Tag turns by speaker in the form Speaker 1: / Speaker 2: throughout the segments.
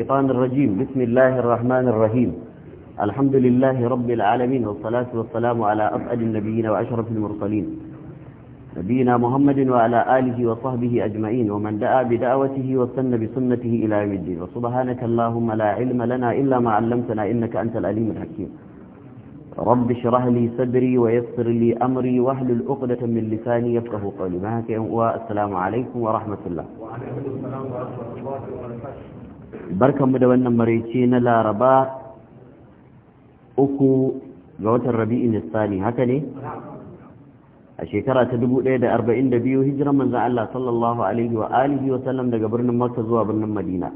Speaker 1: الشيطان الرجيم بسم الله الرحمن الرحيم الحمد لله رب العالمين والصلاة والسلام على أفعد النبيين وأشرف المرسلين نبينا محمد وعلى آله وصحبه أجمعين ومن دعا بدعوته واستنى بسنته إلى يوم الدين وسبحانك اللهم لا علم لنا إلا ما علمتنا إنك أنت الأليم الحكيم رب اشرح لي صدري ويسر لي أمري وحل عقدة من لساني يفقه قولي ما والسلام عليكم ورحمة الله
Speaker 2: وعليكم السلام ورحمة الله وبركاته barkanmu
Speaker 1: da wannan maraice na laraba uku ga watan rabi'in nisani haka ne a shekara ta 1042 hijiran manzan Allah sallallahu alaihi wa alihi wa sallam daga birnin makka zuwa birnin madina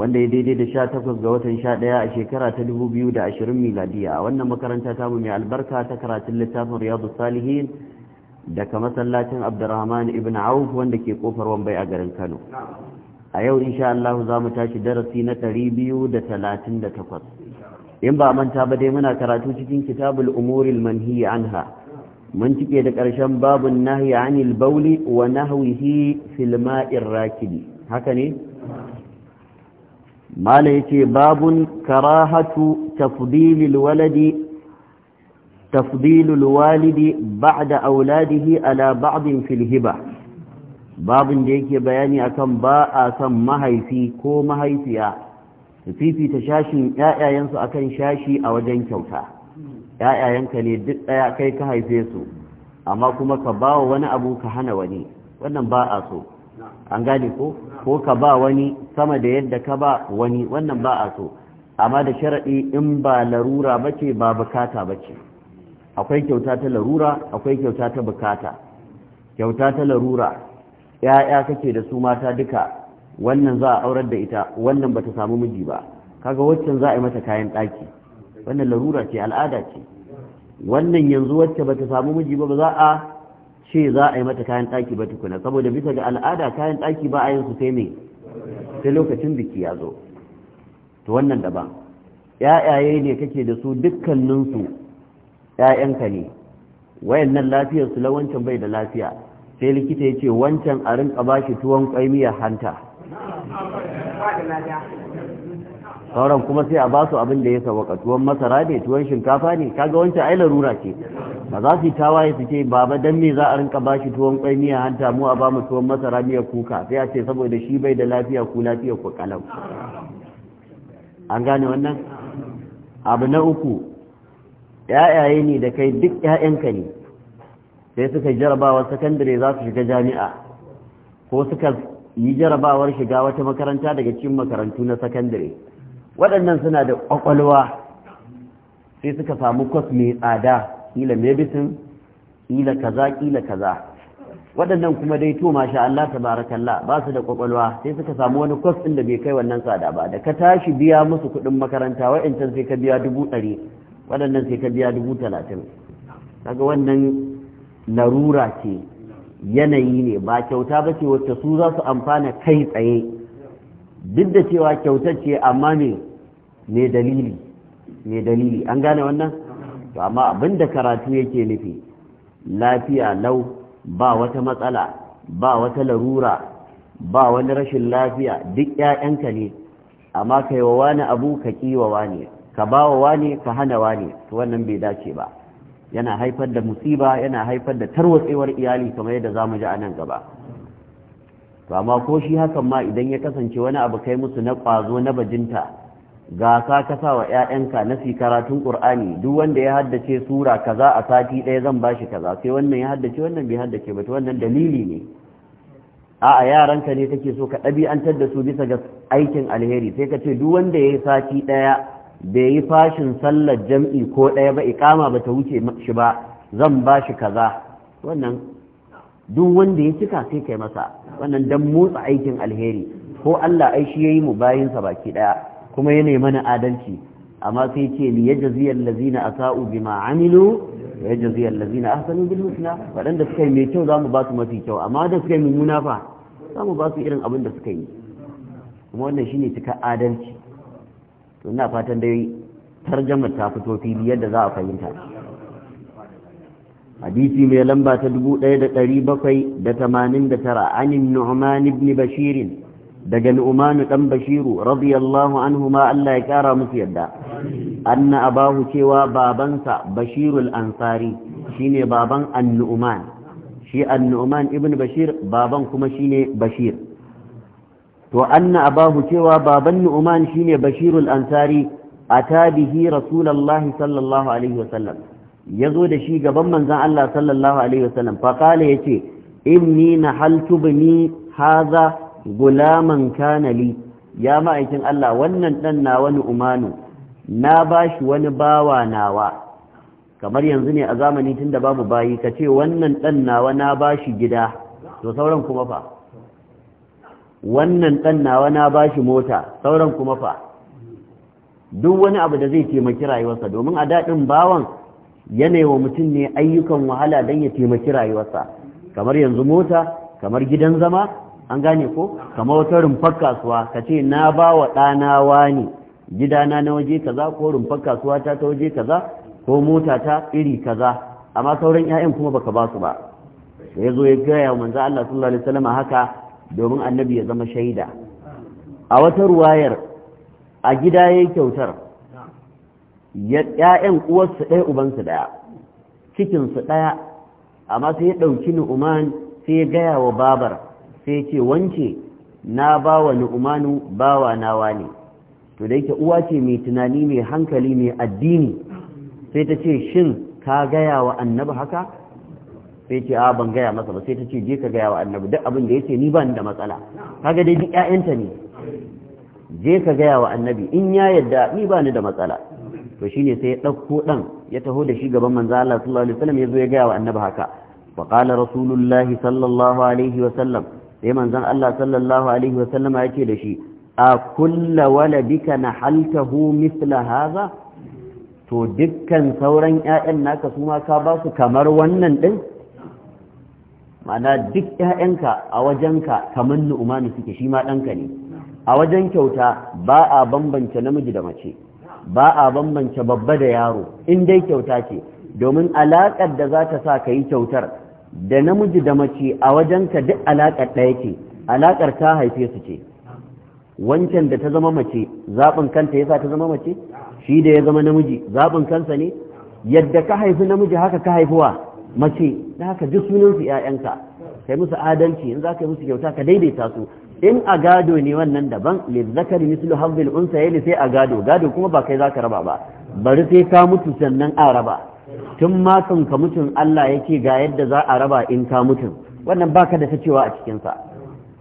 Speaker 1: wanda ya daidai da 18 ga watan 11 a shekara ta 2020 miladiya a wannan makaranta ta mu mai albarka ta karatun littafin riyadu salihin daga masallacin abdurrahman ibn auf wanda ke kofar wambai a garin kano a yau insha Allah za mu tashi darasi na biyu da da talatin takwas. in ba manta ba dai muna karatu cikin kitabul umuril manhi anha mun cike da ƙarshen babun nahyi anil bauli wa nahwihi fil ma'ir rakibi haka ne mala yace babun karahatu tafdilil waladi تفضيل الوالد بعد ala Babin Filhiba. babin da yake bayani akan ba a son mahaifi ko mahaifiya su fifita shashin ‘ya'yayensu akan shashi a wajen kyauta ‘ya'yayenka ne duk ɗaya kai ka haife su amma kuma ka ba wa wani abu ka hana wani wannan ba a so an gane ko ko ka ba wani sama da yadda ka ba wani wannan ba a so amma da sharaɗi in ba larura ba ce ba bukata ba ce akwai kyauta ta larura akwai kyauta ta bukata kyauta ta larura ya'ya kake da su mata duka wannan za a aurar da ita wannan ba ta samu miji ba kaga waccan za a yi mata kayan ɗaki wannan larura ce al'ada ce wannan yanzu wacce ba ta samu miji ba ba za a ce za a yi mata kayan ɗaki ba tukuna saboda bisa ga al'ada kayan ɗaki ba a yin su sai me sai lokacin biki ya zo to wannan daban yayaye ne kake da su dukkaninsu ‘ya'yanka ne wayannan lafiyarsu lawancin bai da lafiya sai likita ya ce wancan a rinka ba shi tuwon kwaimiyar hanta sauran kuma sai a ba su abin da ya sauka tuwon masara ne tuwon shinkafa ne kaga wancan ai larura ce ba za su yi tawaye su ce baba dan me za a rinka ba shi tuwon kwai hanta mu a ba mu tuwon masara miya kuka sai a ce saboda shi bai da lafiya ku lafiya ku kalau an gane wannan abu na uku yayaye ne da kai duk ƴaƴanka ne sai suka yi jarabawar sakandare za su shiga jami'a ko suka yi jarabawar shiga wata makaranta daga cikin makarantu na sakandare waɗannan suna da ƙwaƙwalwa sai suka samu kwas mai tsada ila medicine kila kaza kila kaza waɗannan kuma dai to masha Allah tabarakallah ba su da ƙwaƙwalwa sai suka samu wani kwas ɗin da bai kai wannan tsada ba da ka tashi biya musu kuɗin makaranta wa'incan sai ka biya dubu ɗari waɗannan sai ka biya dubu talatin kaga wannan larura ce yanayi ne ba kyauta ba ce wacce su za su amfana kai tsaye duk da cewa kyauta ce amma ne dalili ne dalili an gane wannan to amma abin da karatu yake nufi lafiya lau ba wata matsala ba wata larura ba wani rashin lafiya duk ƴaƴanka ne amma kai wa wani abu ka kiwa wani ka ba wani ka hana wani to wannan bai dace ba yana haifar da musiba yana haifar da tarwatsewar iyali kamar yadda za mu ji a nan gaba Ba amma ko shi hakan ma idan ya kasance wani abu kai musu na ƙwazo na bajinta ga ka kasa wa 'ya'yanka na fi karatun ƙur'ani duk wanda ya haddace sura kaza a sati ɗaya zan ba shi kaza sai wannan ya haddace wannan bai haddace ba to wannan dalili ne a'a yaranka ne kake so ka ɗabi'antar da su bisa ga aikin alheri sai ka ce duk wanda ya yi sati ɗaya bai yi fashin sallar jam'i ko ɗaya ba ikama ba ta wuce shi ba zan ba shi kaza wannan duk wanda ya cika sai kai masa wannan don motsa aikin alheri ko Allah ai shi yayi mu bayinsa baki ɗaya kuma ya mana adalci amma sai ce li yajziyal ladzina asa'u bima amilu ya jaziya a ahsanu bil husna Waɗanda suka yi mai kyau zamu ba su mafi kyau amma da suka yi mummuna fa zamu ba su irin abin da suka yi kuma wannan shine cika adalci to ina fatan dai tarjama ta fito fili yadda za a fahimta hadisi mai lamba ta dubu ɗaya da da da ɗari bakwai tara, anin nu'man ibn bashirin daga nu'man dan bashiru radiyallahu anhu ma Allah ya kyara musu yadda anna abahu cewa babansa bashirul ansari shine baban an-nu'man shi an-nu'man ibn bashir baban kuma shine bashir to anna abahu cewa baban nu'man shine bashirul ansari a tabihi rasulullahi sallallahu alaihi wasallam yazo da shi gaban manzon Allah sallallahu alaihi wasallam fa kale yace inni nahaltu haza gulaman kana li ya ma'aikin Allah wannan dan na wani umanu na bashi wani bawa nawa kamar yanzu ne a zamani tunda babu bayi kace wannan dan nawa na bashi gida to sauran kuma fa wannan ɗan nawa na bashi mota sauran kuma fa duk wani abu da zai taimaki rayuwarsa domin a daɗin bawan wa mutum ne ayyukan wahala don ya taimaki rayuwarsa kamar yanzu mota kamar gidan zama an gane ko kamar wata rumfar kasuwa ka ce na ba wa ɗana wani gidana na waje kaza ko rumfar kasuwa ta ta waje kaza ko mota ta iri kaza amma sauran 'ya'yan kuma baka ba su ba ya zo ya gaya wa manzo Allah sallallahu alaihi wasallam haka domin annabi ya zama shaida a wata ruwayar a gida ya yi kyautar ‘ya'yan uwarsu ɗaya ubansu ɗaya cikinsu ɗaya amma sai ya ɗauki ni'uman sai ya gaya wa babar sai ce wance na ba wa ba bawa nawa ne to da yake uwa ce mai tunani mai hankali mai addini sai ta ce shin ka gaya wa annabi haka sai ce a ah, ban gaya masa ba sai ta ce je ka gaya wa annabi duk abin da ce ni ban da matsala kaga dai duk ƴaƴanta ne je ka gaya wa annabi in ya yadda ni ba ni da matsala to shine sai ya ɗauko ɗan ya taho da shi gaban manzo Allah sallallahu alaihi wasallam ya zo ya gaya wa annabi haka fa qala rasulullah sallallahu alaihi wasallam sai manzon Allah sallallahu alaihi wasallam ya ce da shi a kulla waladika nahaltahu mithla hadha to dukkan sauran ƴaƴan naka su ma ka ba su kamar wannan din ma'ana duk ƴaƴanka a wajenka kamar nu'umani suke shi ma ɗanka ne a wajen kyauta ba a bambance namiji da mace ba a bambance babba da yaro in dai kyauta ce domin alaƙar da za ta sa ka yi kyautar da namiji da mace a wajenka duk alaƙar ɗaya ce alaƙar ta haife su ce wancan da ta zama mace zaɓin kanta ya sa ta zama mace shi da ya zama namiji zaɓin kansa ne yadda ka haifi namiji haka ka haifuwa mace da haka duk sunansu ‘ya'yanka kai musu adalci in za ka yi musu kyauta ka daidaita su in a gado ne wannan daban zakari mislu hazzil unsa yayi sai a gado gado kuma ba kai zaka raba ba bari sai ka mutu sannan a raba tun ma kan ka mutun Allah yake ga yadda za a raba in ka mutu. wannan baka da ta cewa a cikin sa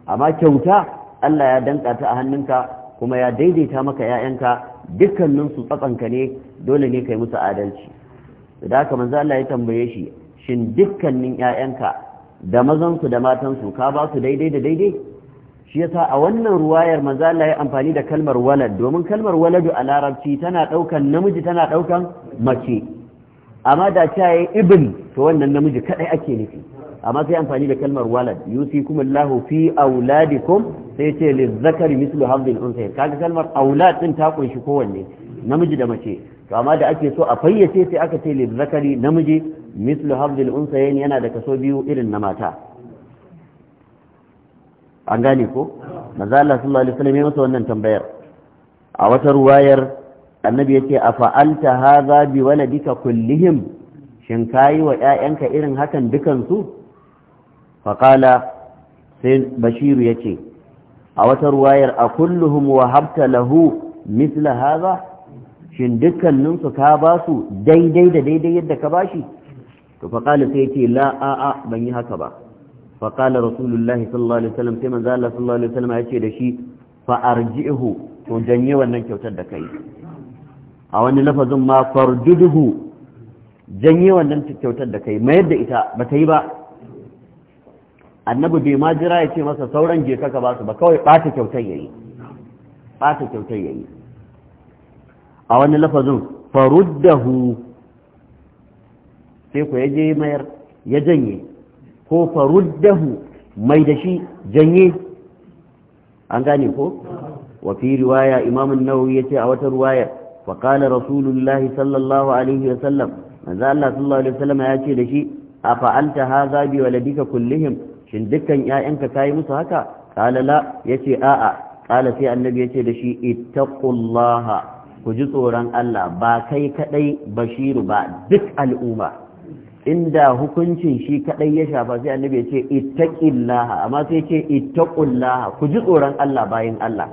Speaker 1: amma kyauta Allah ya danka ta a hannunka kuma ya daidaita maka ya'yanka dukkanin su tsatsanka ne dole ne kai musu adalci da haka manzo Allah ya tambaye shi shin dukkanin ‘ya'yanka da mazansu da matansu ka ba su daidai da daidai shi yasa a wannan ruwayar maza Allah ya amfani da kalmar walad domin kalmar waladu a larabci tana ɗaukan namiji tana ɗaukan mace amma da ta yi ibn to wannan namiji kaɗai ake nufi amma sai amfani da kalmar walad Allahu fi auladikum sai ce lizzakari mislu hadhihi al kaga kalmar aulad din ta kunshi kowanne namiji da mace to amma da ake so a fayyace sai aka ce lizzakari namiji mislu habdil unsayin yana da kaso biyu irin na mata an gane ko maza Allah sallallahu alaihi wasallam ya masa wannan tambayar a wata ruwayar annabi a fa'alta haza bi waladika kullihim shin kayi wa ƴaƴanka irin hakan dukan su faqala sai bashiru yace a wata ruwayar a kulluhum Habta lahu mithla hadha shin dukkaninsu ka basu daidai da daidai yadda ka bashi to fa sai yace la a a ban yi haka ba fa qala rasulullahi sallallahu alaihi wasallam sai manzo Allah sallallahu alaihi wasallam yace da shi fa arji'hu to janye wannan kyautar da kai a wani lafazin ma farduduhu janye wannan kyautar da kai mayar da ita ba ta yi ba annabi bai ma jira ya ce masa sauran je ka ba su ba kawai ɓata kyautar yayi ɓata kyautar yayi a wani lafazin faruddahu sai ku yaje mayar ya janye ko faruddahu mai da shi janye an gane ko wa fi riwaya imam nawawi yace a wata riwaya fa qala rasulullahi sallallahu alaihi wa sallam manzo Allah sallallahu alaihi wa sallam yace da shi fa'alta anta hadha bi waladika kullihim shin dukkan ƴaƴanka kai musu haka qala la yace a'a qala sai annabi yace da shi ittaqullaha ku ji tsoron Allah ba kai kadai bashiru ba duk al'umma inda hukuncin shi kaɗai ya shafa sai annabi ya ce ittaqillaha amma sai ya ce ittaqullaha ku ji tsoron Allah bayan Allah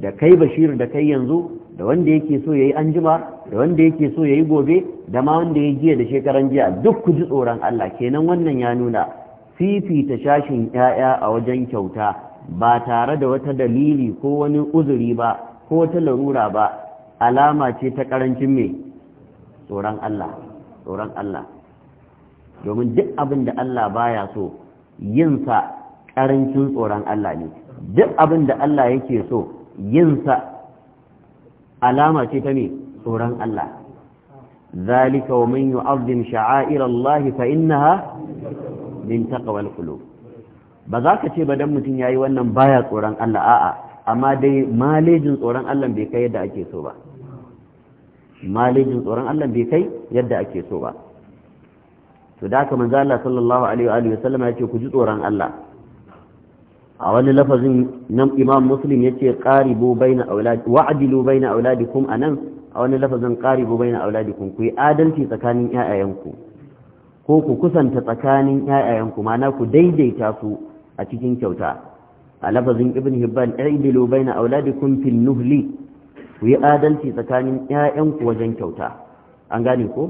Speaker 1: da kai bashir da kai yanzu da wanda yake so yayi anjima da wanda yake so yayi gobe da ma wanda ya jiya da shekaran jiya duk ku ji tsoron Allah kenan wannan ya nuna ta shashin yaya a wajen kyauta ba tare da wata dalili ko wani uzuri ba ko wata larura ba alama ce ta karancin me tsoron Allah tsoron Allah domin duk abin da Allah baya so yinsa ƙarancin tsoron Allah ne duk abin da Allah yake so yinsa alama ce ta ne tsoron Allah zalika wa man yu'azzim sha'air Allah fa innaha min taqwal qulub ba za ka ce ba dan mutum yayi wannan baya tsoron Allah a'a amma dai malejin tsoron Allah bai kai yadda ake so ba malejin tsoron Allah bai kai yadda ake so ba to da haka manzo Allah sallallahu alaihi wa alihi wasallam ya ce ku ji tsoron Allah a wani lafazin nan Imam Muslim yace qaribu baina awladi wa'dilu baina awladikum anan a wani lafazin qaribu baina awladikum ku yi adalci tsakanin ƴaƴayenku ko ku kusanta tsakanin ƴaƴayenku ma'ana ku daidaita su a cikin kyauta a lafazin Ibn Hibban a'dilu baina awladikum fil nuhli ku yi adalci tsakanin ƴaƴanku wajen kyauta an gane ko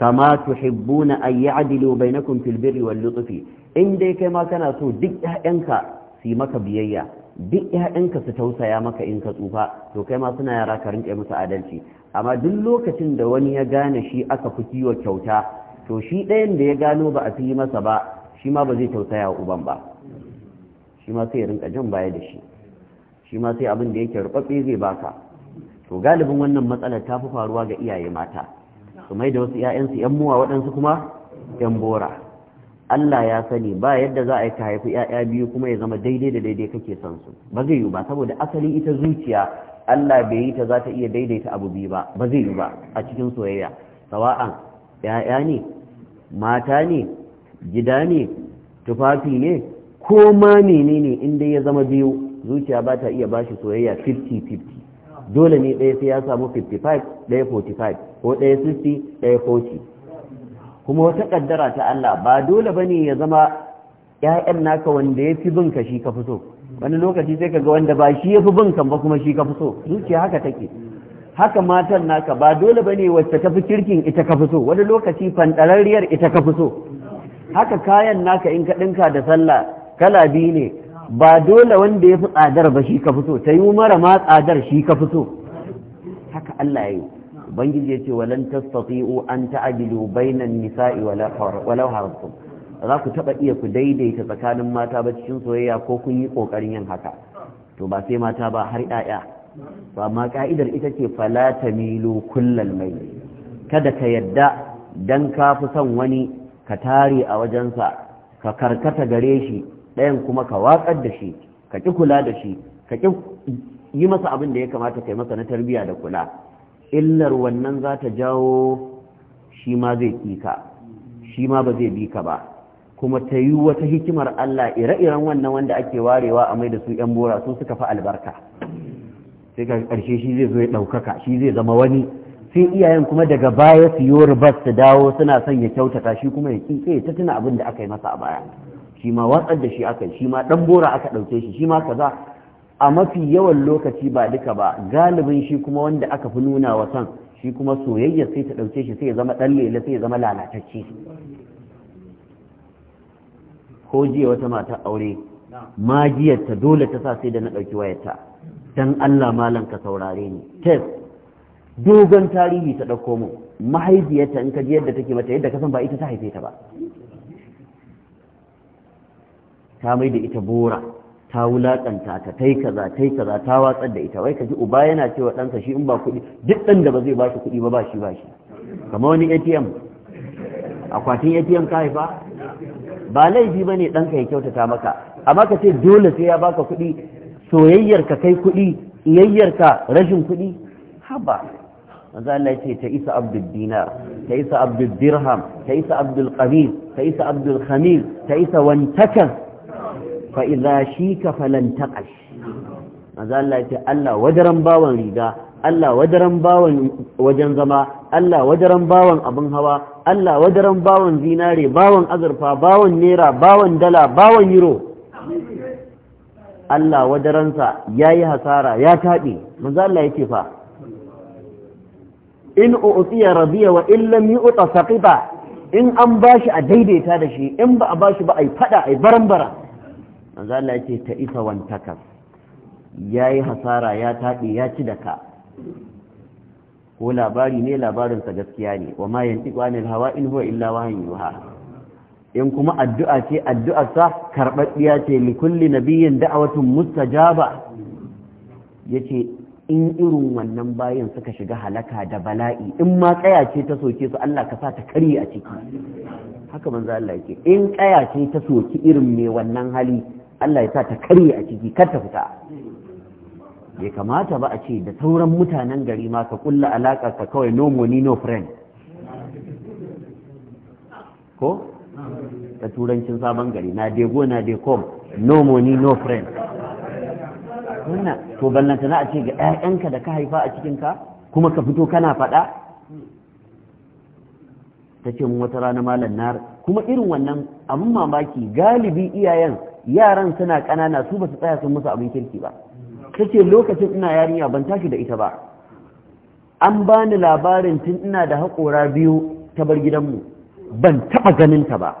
Speaker 1: kama tuhibbuna an ya'dilu bainakum fil birri wal lutfi in dai kai ma kana so duk ƴaƴanka su maka biyayya duk ƴaƴanka su tausaya maka in ka tsufa to kai ma suna yara ka rinƙe musu adalci amma duk lokacin da wani ya gane shi aka fi kiwo kyauta to shi ɗayan da ya gano ba a fi masa ba shi ma ba zai tausaya uban ba shi ma sai ya rinka jan baya da shi shi ma sai abin da yake rubatse zai baka to galibin wannan matsalar ta fi faruwa ga iyaye mata su mai da wasu 'ya'yansu 'yan muwa waɗansu kuma 'yan bora Allah ya sani ba yadda za a yi ka haifi 'ya'ya biyu kuma ya zama daidai da daidai kake son su ba zai yi ba saboda asalin ita zuciya Allah bai yi ta za ta iya daidaita abu biyu ba ba zai yi ba a cikin soyayya sawa'an 'ya'ya ne mata ne gida ne tufafi ne ko ma menene in dai ya zama biyu zuciya ba ta iya bashi soyayya 50-50 dole ne ɗaya sai ya samu 55 ɗaya 45 ko ɗaya 60 ɗaya 40 kuma wata ƙaddara ta Allah ba dole ba ne ya zama 'ya'yan naka wanda ya fi binka shi ka fi so wani lokaci sai ka ga wanda ba shi ya fi binka ba kuma shi ka fi so zuciya haka take haka matan naka ba dole ba ne wacce ta fi kirkin ita ka fi so wani lokaci fanɗararriyar ita ka fi so haka kayan naka in ka ɗinka da sallah kala biyu ne ba dole wanda ya fi tsadar ba shi ka fito ta yi mara ma tsadar shi ka fito haka Allah ya yi ubangiji ya ce walan tastati'u an ta'dilu bainan nisa'i wala harastum za ku taba iya ku daidaita tsakanin mata ba cikin soyayya ko kun yi kokarin yin haka to ba sai mata ba har 'ya'ya. Ba ma ka'idar ita ce fala tamilu kullal mai kada ka yadda dan ka fi son wani ka tare a wajensa ka karkata gare shi ɗayan kuma ka waƙar da shi ka ƙi kula da shi ka ƙi yi masa abin da ya kamata kai masa na tarbiyya da kula illar wannan za ta jawo shi ma zai ƙi ka shi ma ba zai bi ka ba kuma ta yi wata hikimar Allah ire-iren wannan wanda ake warewa a mai da su 'yan bora su suka fi albarka sai ka ƙarshe shi zai zo ya ɗaukaka shi zai zama wani sai iyayen kuma daga baya su yi su dawo suna son ya kyautata shi kuma ya ƙi ta tuna abin da aka yi masa a baya shi ma watsar da shi aka shi ma dan bora aka ɗauke shi shi ma kaza a mafi yawan lokaci ba duka ba galibin shi kuma wanda aka fi nuna wa san shi kuma soyayya sai ta ɗauke shi sai ya zama ɗan lele sai ya zama lalatacce ko jiya wata mata aure magiyarta dole ta sa sai da na ɗauki wayarta dan Allah malam ka saurare ni tef dogon tarihi ta ɗauko mu mahaifiyarta in ka ji yadda take mata yadda ka san ba ita ta haife ta ba ta mai da ita bora ta wulaƙanta ta tai kaza kaza ta watsar da ita wai ji uba yana cewa ɗansa shi in ba kuɗi duk ɗan da ba zai ba shi kuɗi ba ba shi ba shi kamar wani atm akwatin atm ka haifa ba laifi ba ne ɗanka ya kyautata maka amma ka ce dole sai ya baka kuɗi soyayyar ka kai kuɗi iyayyar ka rashin kuɗi haba manzo Allah ya ce ta isa abdul dinar ta isa abdul dirham ta isa abdul qamis ta isa abdul khamis ta isa wantakan fa idza shika falan taqash maza Allah yace Allah wadaran bawan riga Allah wadaran bawan wajen zama Allah wadaran bawan abin hawa Allah wadaran bawan zinare bawan azurfa bawan nera bawan dala bawan euro Allah wajaransa ya yi hasara ya tabe maza Allah yace fa in u'tiya radiya wa in lam yu'ta saqita in an bashi a daidaita da shi in ba a bashi ba ai fada ai barambara manzo Allah yace ta ifa wantaka yayi hasara ya taɗi ya ci daka ko labari ne labarin gaskiya ne wa ma yanti anil hawa in huwa illa wahyu in kuma addu'a ce addu'a sa karbabbiya ce li kulli nabiyyin da'watun mustajaba yace in irin wannan bayan suka shiga halaka da bala'i in ma kaya ce ta soke su Allah ka sa ta karye a ciki haka manzo Allah yake in kaya ce ta soki irin mai wannan hali Allah ya sa ta karye a ciki kar ta fita bai kamata ba a ce da sauran mutanen gari ma ka kulla alaka ka kawai no money no friend ko ta turancin sabon gari na dai na dai no money no friend wannan to ballanta na a ce ga 'ya'yanka da ka haifa a cikin ka kuma ka fito kana faɗa ta ce wata rana malam na kuma irin wannan abin mamaki galibi iyayen yaran suna kanana su ba su tsaya sun musu abin kirki ba ta ce lokacin ina yarinya ban tashi da ita ba an ba ni labarin tun ina da haƙora biyu ta bar gidanmu ban taɓa ganin ta ba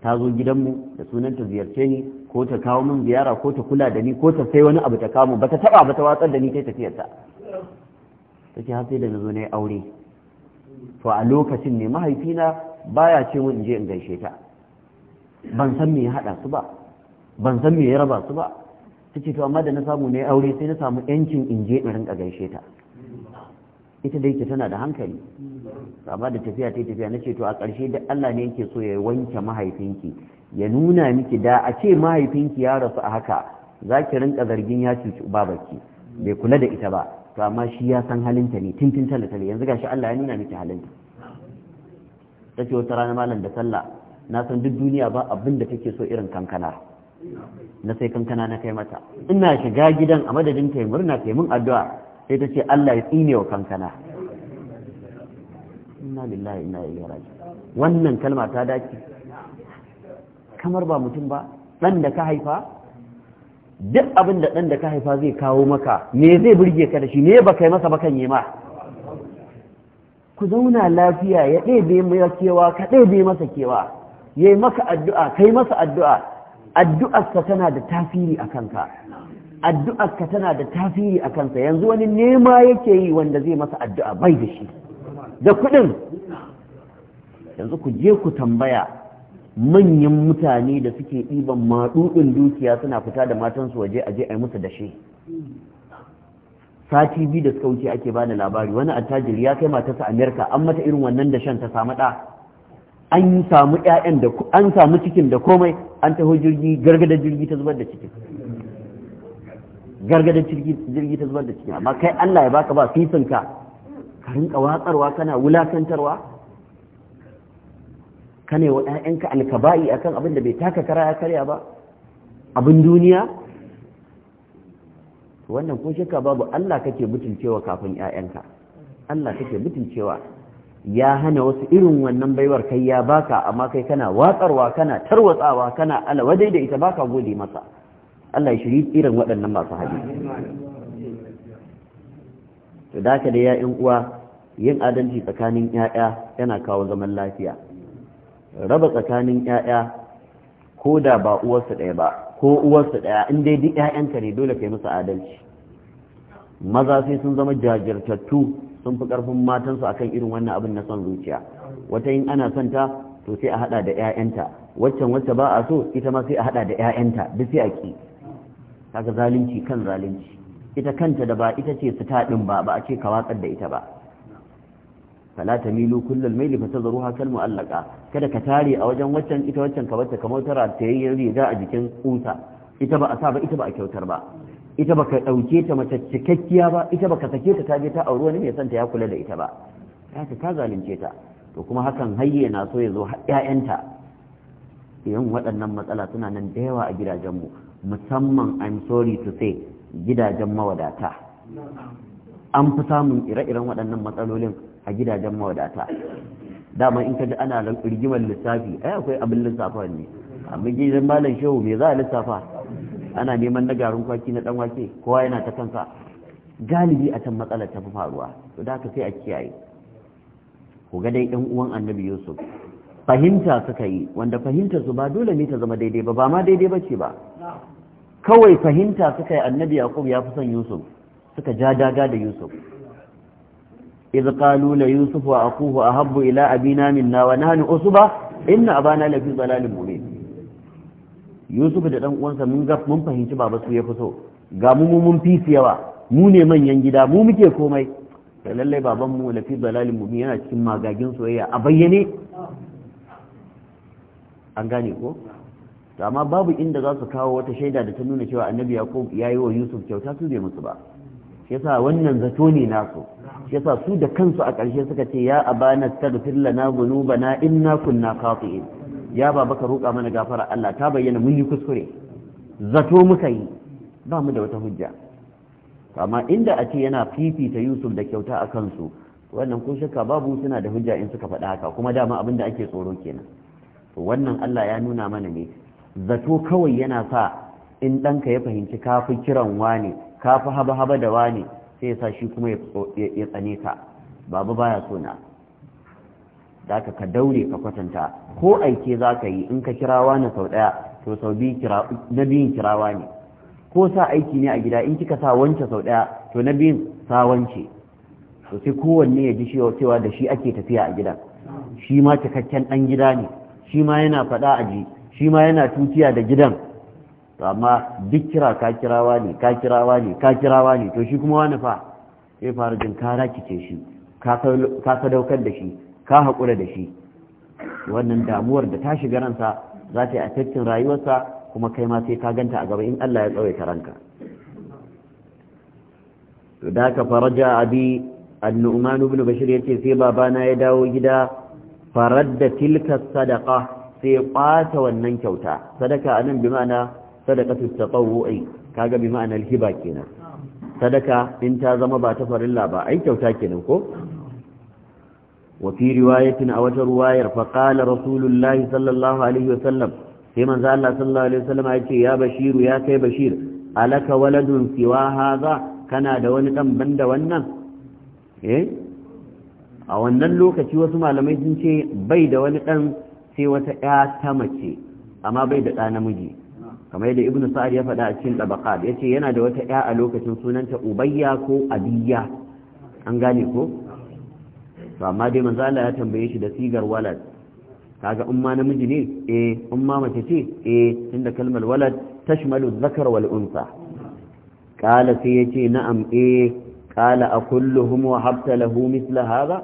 Speaker 1: ta zo gidanmu da sunan ta ziyarce ni ko ta kawo min ziyara ko ta kula da ni ko ta sai wani abu ta kawo ba ta taɓa ba ta watsar da ni kai tafiyarta ta ce har sai da na zo na yi aure to a lokacin ne mahaifina baya ce mun je in gaishe ta ban san me ya haɗa su ba ban san me ya raba su ba ta ce to amma da na samu na aure sai na samu yancin in je in rinka gaishe ta ita dai ke tana da hankali amma da tafiya ta tafiya na ce to a ƙarshe da Allah ne yake so ya wanke mahaifinki ya nuna miki da a ce mahaifinki ya rasu a haka za ki rinka zargin ya cuci babarki bai kula da ita ba to amma shi ya san halinta ne tintin talatale yanzu gashi Allah ya nuna miki halinta ta ce wata rana malam da sallah na san duk duniya ba abin da take so irin kankana na sai kankana na kai mata ina shiga gidan a madadin ta murna ta mun addu'a sai ta ce Allah ya tsine wa kankana inna lillahi inna ilaihi raji'un wannan kalma ta dace kamar ba mutum ba dan da ka haifa duk abin da dan da ka haifa zai kawo maka me zai burge ka da shi me ba kai masa ba kan yi ma ku zauna lafiya ya ɗebe mai kewa ka ɗebe masa kewa yayi maka addu'a kai masa addu'a addu'arsa tana da tasiri a kanka addu'arka tana da tasiri a kanka yanzu wani nema yake yi wanda zai masa addu'a bai da shi da kuɗin yanzu ku je ku tambaya manyan mutane da suke ɗiban maɗuɗin dukiya suna fita da matansu waje a je a yi musu shi. sati biyu da suka wuce ake bani labari wani attajiri ya kai matarsa amerika an mata irin wannan da shan ta samu ɗa an samu ƴaƴan da an samu cikin da komai an taho jirgi gargada jirgi ta zubar da cikin gargada jirgi ta zubar da cikin amma kai Allah ya baka ba fifin ka ka rinka watsarwa kana wulakantarwa kane wa ƴaƴanka alkaba'i akan abin da bai taka kara ya karya ba abin duniya wannan ko shakka babu Allah kake mutuncewa kafin ƴaƴanka Allah kake mutuncewa ya hana wasu irin wannan baiwar kai ya baka amma kai kana watsarwa kana tarwatsawa kana wadai da ita baka gode masa Allah ya shiri irin waɗannan masu hali to da ka da ya uwa yin adalci tsakanin ƴaƴa yana kawo zaman lafiya raba tsakanin ƴaƴa ko da ba uwarsa ɗaya ba ko uwarsa ɗaya in dai duk ƴaƴanka ne dole kai musu adalci maza sai sun zama jajirtattu sun fi karfin matansu akan irin wannan abin na son zuciya wata in ana son ta to sai a hada da ƴaƴanta waccan wacce ba a so ita ma sai a hada da ƴaƴanta duk sai a ki kaga zalunci kan zalunci ita kanta da ba ita ce su taɗin ba ba a ce ka watsar da ita ba fala tamilu kullal maili fatazruha kal mu'allaqa kada ka tare a wajen waccan ita waccan ka bata kamar tara ta yi riga a jikin kusa ita ba a sa ba ita ba a kyautar ba ita baka dauke ta mace cikakkiya ba ita baka sake ta ta je ta auri wani mai son ta ya kula da ita ba ya ce ta zalunce ta to kuma hakan hayye na so ya zo ƴaƴanta irin waɗannan matsala suna nan da yawa a gidajenmu musamman i'm sorry to say gidajen mawadata an fi samun ire-iren waɗannan matsalolin a gidajen mawadata dama in ka ji ana rigimar lissafi ai akwai abin lissafa ne amma gidan malam shehu me za a lissafa ana neman na garin kwaki na dan wake kowa yana ta kansa galibi a can matsalar ta fi faruwa to da ka sai a kiyaye ku ga dai ɗan uwan annabi yusuf fahimta suka yi wanda fahimta su ba dole ne ta zama daidai ba ba ma daidai ba ce ba kawai fahimta suka yi annabi yaqub ya fi son yusuf suka ja daga da yusuf idh qalu la yusuf wa aquhu ahabbu ila abina minna wa nahnu usba inna abana lafi fi mubin yusuf da dan uwansa mun ga mun fahimci baba su ya fi so ga mu mun fi yawa mu ne manyan gida mu muke komai sai lallai baban mu lafi balalin mu yana cikin magagin soyayya a bayyane an gane ko to amma babu inda za su kawo wata shaida da ta nuna cewa annabi yaqub yayi wa yusuf kyauta su bai musu ba shi yasa wannan zato ne nasu shi yasa su da kansu a ƙarshe suka ce ya abana tadfir lana dhunubana inna kunna khati'in ya baba ka roƙa mana gafara Allah ta bayyana mun yi kuskure zato muka yi ba mu da wata hujja amma inda a ce yana fifita Yusuf da kyauta a kansu wannan kun shakka babu suna da hujja in suka faɗa haka kuma dama abin da ake tsoro kenan to wannan Allah ya nuna mana ne zato kawai yana sa in ɗanka ya fahimci kafin kiran wane Kafin haba-haba da wane sai ya sa shi kuma ya tsane ka baba baya so na da ka ka daure ka kwatanta ko aike za ka yi in ka kirawa na sau ɗaya to sau biyu kira na biyun kirawa ne ko sa aiki ne a gida in kika sa wance sau ɗaya to na biyun sa wance to sai kowanne ya ji cewa da shi ake tafiya a gidan shi ma cikakken ɗan gida ne shi ma yana faɗa a ji shi ma yana tutiya da gidan to amma duk kira ka kirawa ne ka kirawa ne ka kirawa ne to shi kuma wani fa sai fara jin ka rakice shi ka sadaukar da shi ka haƙura da shi wannan damuwar da ta shiga ransa za ta yi affecting rayuwarsa kuma kai ma sai ka ganta a gaba in Allah ya tsawaita ranka to da ka faraja abi annu'man ibn bashir yace sai babana ya dawo gida faradda tilka sadaqa sai kwata wannan kyauta sadaka anan bi ma'ana sadaqatu tatawwu'i kaga bi ma'ana alhiba kenan sadaka in ta zama ba ta farilla ba ai kyauta kenan ko وفي رواية أو رواية فقال رسول الله صلى الله عليه وسلم في من زال الله صلى الله عليه وسلم أيتي يا بشير يا كي بشير ألك ولد سوى هذا كان دون كم بند ونن إيه أو أن اللوك تيوسم على يجن شيء بيد كم سوى تأتمتي أما بيد أنا مجي كما yadda ابن sa'ad ya faɗa لبقاد cikin ينا yace yana da wata ƴa a lokacin sunanta ubayya ko to amma dai manzo Allah ya tambaye shi da sigar walad kaga umma namiji ne eh umma mace ce eh tunda kalmar walad tashmalu dhakar wal unsa Kala sai yace na'am eh Kala a kulluhum wa habta lahu mithla hadha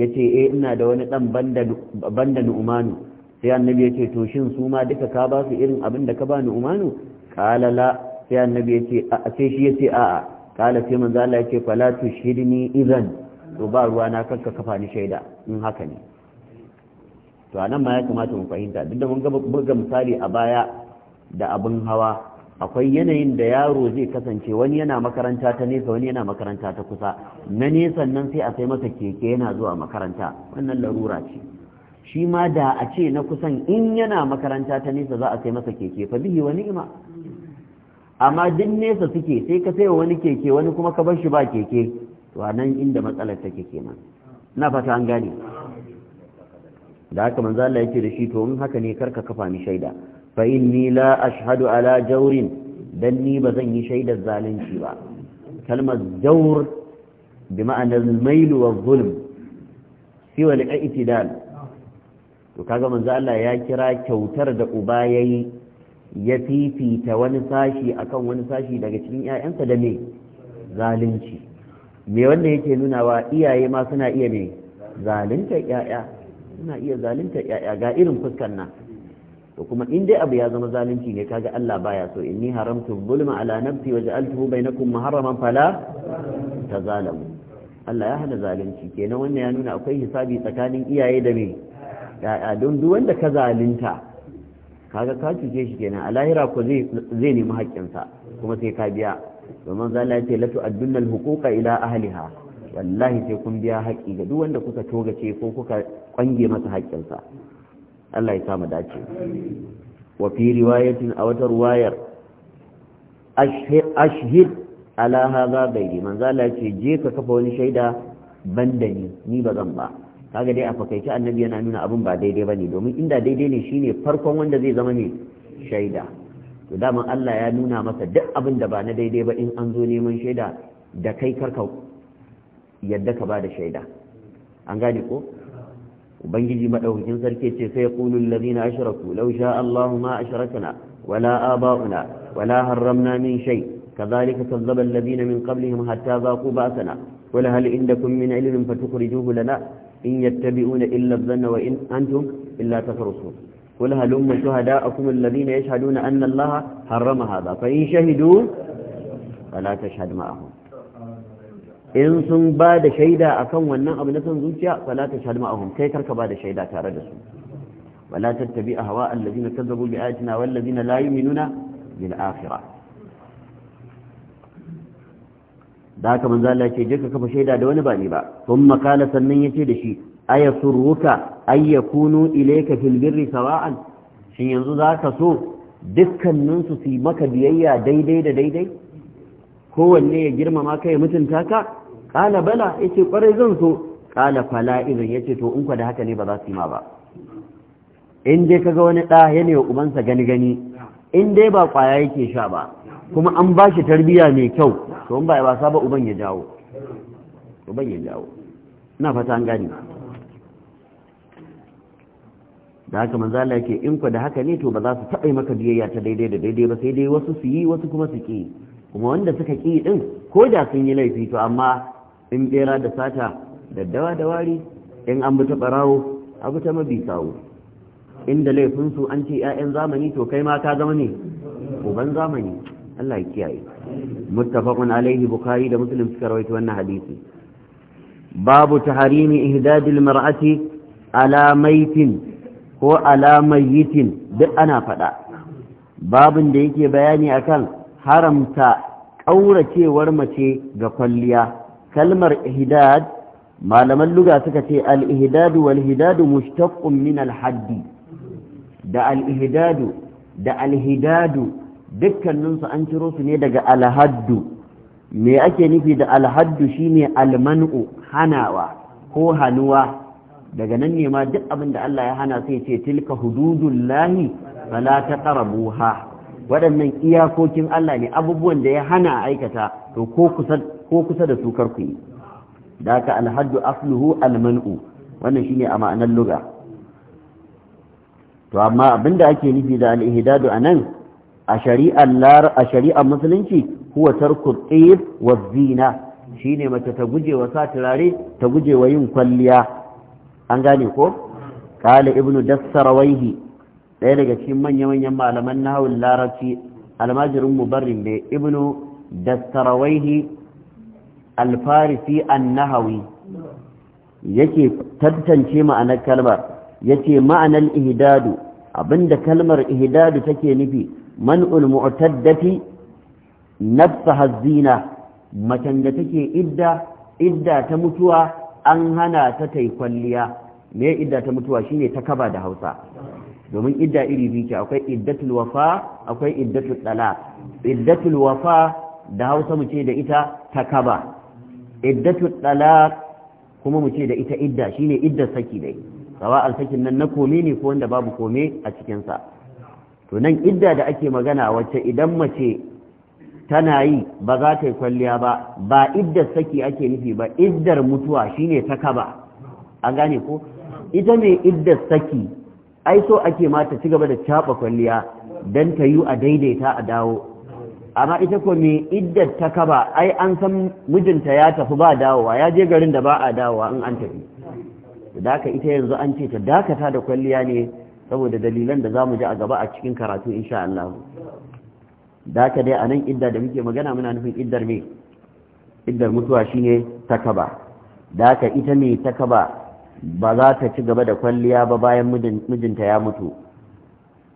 Speaker 1: yace eh ina da wani dan banda banda nu'manu sai annabi yace to shin su ma duka ka ba su irin abin da ka ba nu'manu Kala la sai annabi yace a sai shi yace a'a Kala sai manzo Allah yace fala tushidni idan to ba ruwa na kanka kafa ni shaida in haka ne to anan ma ya kamata mu fahimta duk da mun ga buga misali a baya da abin hawa akwai yanayin da yaro zai kasance wani yana makaranta ta nesa wani yana makaranta ta kusa na nesa nan sai a sai masa keke yana zuwa makaranta wannan larura ce shi ma da a ce na kusan in yana makaranta ta nesa za a sai masa keke fa bihi wani ima amma duk nesa suke sai ka sai wani keke wani kuma ka bar shi ba keke to nan inda matsalar take kenan na fata an gane da haka manzo Allah yake da shi to in haka ne karka kafa ni shaida fa inni la ashhadu ala jawrin dan ni ba zan yi shaidar zalunci ba kalmar jawr bi ma'anar mail wa zulm fi wal i'tidal to kaga manzo Allah ya kira kyautar da uba yayi ya fifita wani sashi akan wani sashi daga cikin ƴaƴansa da ne zalunci me wanda yake nunawa iyaye ma suna iya ne? Zalinta yaya. suna iya zalinta yaya ga irin fuskan nan to kuma in dai abu ya zama zalunci ne kaga Allah baya so inni haramtu zulma ala nafsi wa ja'altuhu bainakum muharraman fala tazalamu Allah ya hana zalunci kenan wannan ya nuna akwai hisabi tsakanin iyaye da me Yaya don duk wanda ka zalunta kaga ka cuce shi kenan a lahira ko zai zai nemi haƙƙinsa kuma sai ka biya domin zala ce latu addunan huquqa ila ahliha wallahi sai kun biya haƙi. ga duk wanda kuka togace ko kuka kwange masa haƙƙinsa Allah ya samu dace wa fi riwayatin a wata ruwayar ashhid ala hadha bayni man Allah ce je ka kafa wani shaida banda ni ni ba zan ba kaga dai a fakaice annabi yana nuna abun ba daidai bane domin inda daidai ne shine farkon wanda zai zama ne shaida to daman Allah ya nuna masa duk abin da ba na daidai ba in an zo neman shaida da kai karka yadda ka ba da shaida an gane ko ubangiji madaukakin sarki ce sai yaqulu allazina ashraku law sha Allahu ma ashrakna wala aba'una wala harramna min shay kadhalika kazzaba allazina min qablihim hatta zaqu ba'sana qul hal indakum min ilmin fatukhrijuhu lana in yattabi'una illa adh-dhanna wa in antum illa tafrusun قل هلم شهداءكم الذين يشهدون أن الله حرم هذا فإن شهدوا فلا تشهد معهم in sun ba da shaida a kan wannan abu na son zuciya wala ta shahadu ma'ahum kai karka ba da shaida tare da su wala tattabi a hawa allazi na kazzabu bi ayatina wallazi na layu minuna bil akhirah da haka manzo je ka kafa shaida da wani ba ni ba kuma makala sannan yace da shi ayasurruka ay yakunu ilayka fil birri sawa'an shin yanzu zaka so dukkanin su su maka biyayya daidai da daidai kowanne ya girmama ka ya mutunta ka kala bala yace kwarai zan so kala fala ya yace to in kwa da haka ne ba za su yi ma ba in dai kaga wani ɗa yana wa ubansa gani gani in dai ba kwaya yake sha ba kuma an ba shi tarbiya mai kyau to in ba ya ba uban ya jawo uban ya jawo ina fata an gani da haka manzo Allah yake in ku da haka ne to ba za su taɓa maka biyayya ta daidai da daidai ba sai dai wasu su yi wasu kuma su ki kuma wanda suka ki din ko da sun yi laifi to amma in bera da sata daddawa da wari in an bi ta barawo abu ta mabi kawo inda laifin an ce ƴaƴan zamani to kai ma ka zama ne uban zamani Allah ya kiyaye muttafaqun alaihi bukhari da muslim suka rawaito wannan hadisi babu taharimi ihdadil mar'ati ala maitin ko alamar yitin duk ana faɗa babin da yake bayani akan haramta ƙauracewar mace ga kwalliya kalmar ihdad malaman luga suka ce al-ihdadu wal-hidadu mushtaqqun min al-haddi da al-ihdadu da al-hidadu dukkaninsu an ciro su ne daga al-haddu me ake nufi da al-haddu shine al-man'u hanawa ko hanuwa daga nan ne ma duk abin da Allah ya hana sai ce tilka hududullahi fala taqrabuha waɗannan iyakokin Allah ne abubuwan da ya hana aikata to ko kusa da su karku yi da ka asluhu alman'u wannan shine a ma'anar lugha to amma abinda ake nufi da al anan a shari'ar a shari'ar musulunci huwa tarku tsib wa zina shine mace ta guje wa sa turare ta guje wa yin kwalliya an gane ko kala ibnu dassarawaihi ɗaya daga cikin manya-manyan malaman nahawul larabci almajirin mubarrin ne ibnu dassarawaihi alfarisi annahawi yake tantance ma'anar kalmar yace ma'anar ihdadu abinda kalmar ihdadu take nufi man'ul mu'taddati nafsaha zina macen da take idda idda ta mutuwa an hana ta ta yi kwalliya me idda ta mutuwa shine ta kaba da hausa domin idda iri biyu ce akwai iddatul wafa akwai iddatul dala iddatul wafa da hausa mu ce da ita ta kaba iddatul dala kuma mu ce da ita idda shine idda saki dai sawa sakin nan na kome ne ko wanda babu kome a cikin sa to nan idda da ake magana wacce idan mace tana yi ba za ta yi kwalliya ba ba iddar saki ake nufi ba iddar mutuwa shine ta kaba a gane ko ita mai iddar saki ai so ake mata ta ci gaba da caba kwalliya don ta yi a daidaita a dawo amma ita ko mai iddar ta kaba ai an san mijinta ya tafi ba dawowa ya je garin da ba a dawowa in an tafi da ita yanzu an ce ta dakata da kwalliya ne saboda dalilan da za mu ji a gaba a cikin karatu insha Allah da aka dai a nan idda da muke magana muna nufin iddar mai iddar mutuwa shine takaba da aka ita mai takaba ba za ta ci gaba da kwalliya ba bayan mijinta ya mutu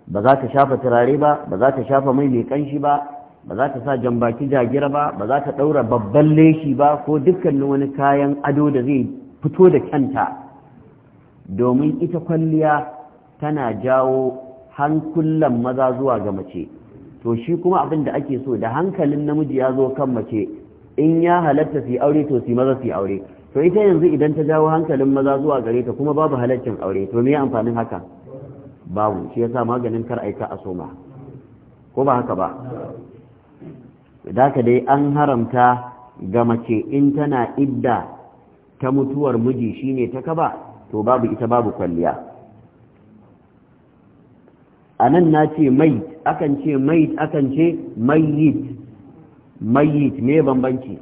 Speaker 1: ba za ta shafa turare ba ba za ta shafa mai mai kanshi ba ba za ta sa jambaki jagira ba ba za ta ɗaura babban leshi ba ko dukkanin wani kayan ado da zai fito da kyanta domin ita kwalliya tana jawo hankulan maza zuwa ga mace to shi kuma abin da ake so da hankalin namiji ya zo kan mace in ya halatta su aure to su maza su aure to ita yanzu idan ta jawo hankalin maza zuwa gare ta kuma babu halaccin aure to me amfanin haka babu shi yasa maganin kar aika a soma ko ba haka ba da dai an haramta ga mace in tana idda ta mutuwar miji shine ta kaba to babu ita babu kwalliya a nan na ce mai akan ce mai akan ce mayyit mayyit me bambanci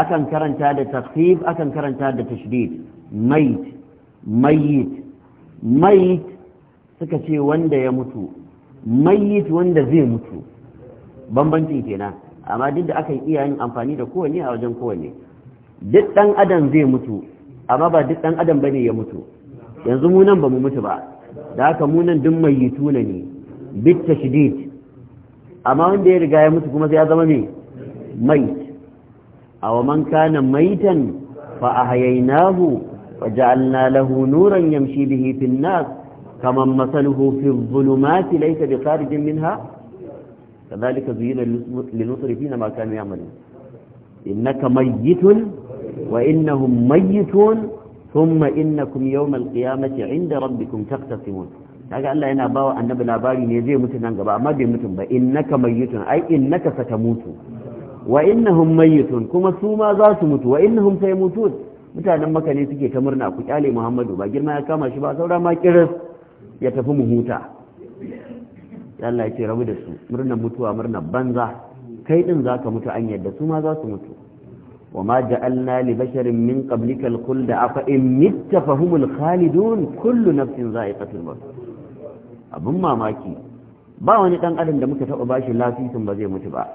Speaker 1: akan karanta da tasfif akan karanta da tashdid mait mayyit mait suka ce wanda ya mutu mayyit wanda zai mutu bambanci kenan amma duk da akan iya yin amfani da kowanne a wajen kowanne duk dan adam zai mutu amma ba duk dan adam bane ya mutu yanzu mu nan ba mu mutu ba da haka mu nan duk mayyitu ne بالتشديد أما من دير قاية متكم سيادة مني ميت أو من كان ميتا فأحييناه وجعلنا له نورا يمشي به في الناس كمن مثله في الظلمات ليس بخارج منها كذلك زينا لنصرفين ما كانوا يعملون إنك ميت وإنهم ميتون ثم إنكم يوم القيامة عند ربكم تختصمون kaga Allah yana bawa annabi labari ne zai mutu nan gaba amma bai mutu ba innaka mayyitun ai innaka satamutu wa innahum mayyitun kuma su ma za su mutu wa innahum sayamutun mutanen maka ne suke ta murna ku kyale Muhammadu ba girma ya kama shi ba saura ma kiris ya tafi mu huta Allah ya ce rabu da su murnar mutuwa murnar banza kai din zaka mutu an yadda su ma za su mutu وما جعلنا لبشر من قبلك الخلد أفإن مت فهم الخالدون كل نفس ذائقة الموت abin mamaki ba wani dan adam da muka taɓa bashi lasisin ba zai mutu ba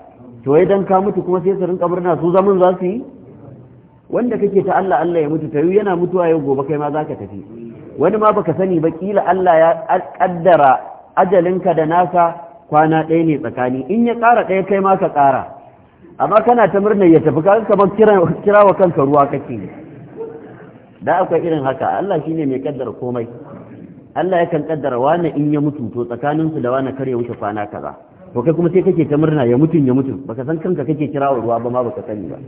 Speaker 1: to wai dan ka mutu kuma sai sarin kaburna murna su zaman za su yi wanda kake ta Allah Allah ya mutu tayu yana mutuwa yau gobe kai ma zaka tafi wani ma baka sani ba kila Allah ya kaddara ajalinka da nasa kwana ɗaya ne tsakani in ya ƙara ɗaya kai ma ka ƙara amma kana ta murna ya tafi ka kamar kira wa kanka ruwa kake da akwai irin haka Allah shine mai kaddara komai Allah yakan kaddara wani in ya mutu to tsakanin su da wani kar ya wuce kwana kaza to kai kuma sai kake ta murna ya mutun ya mutun baka san kanka kake kira wa ruwa ba ma baka sani ba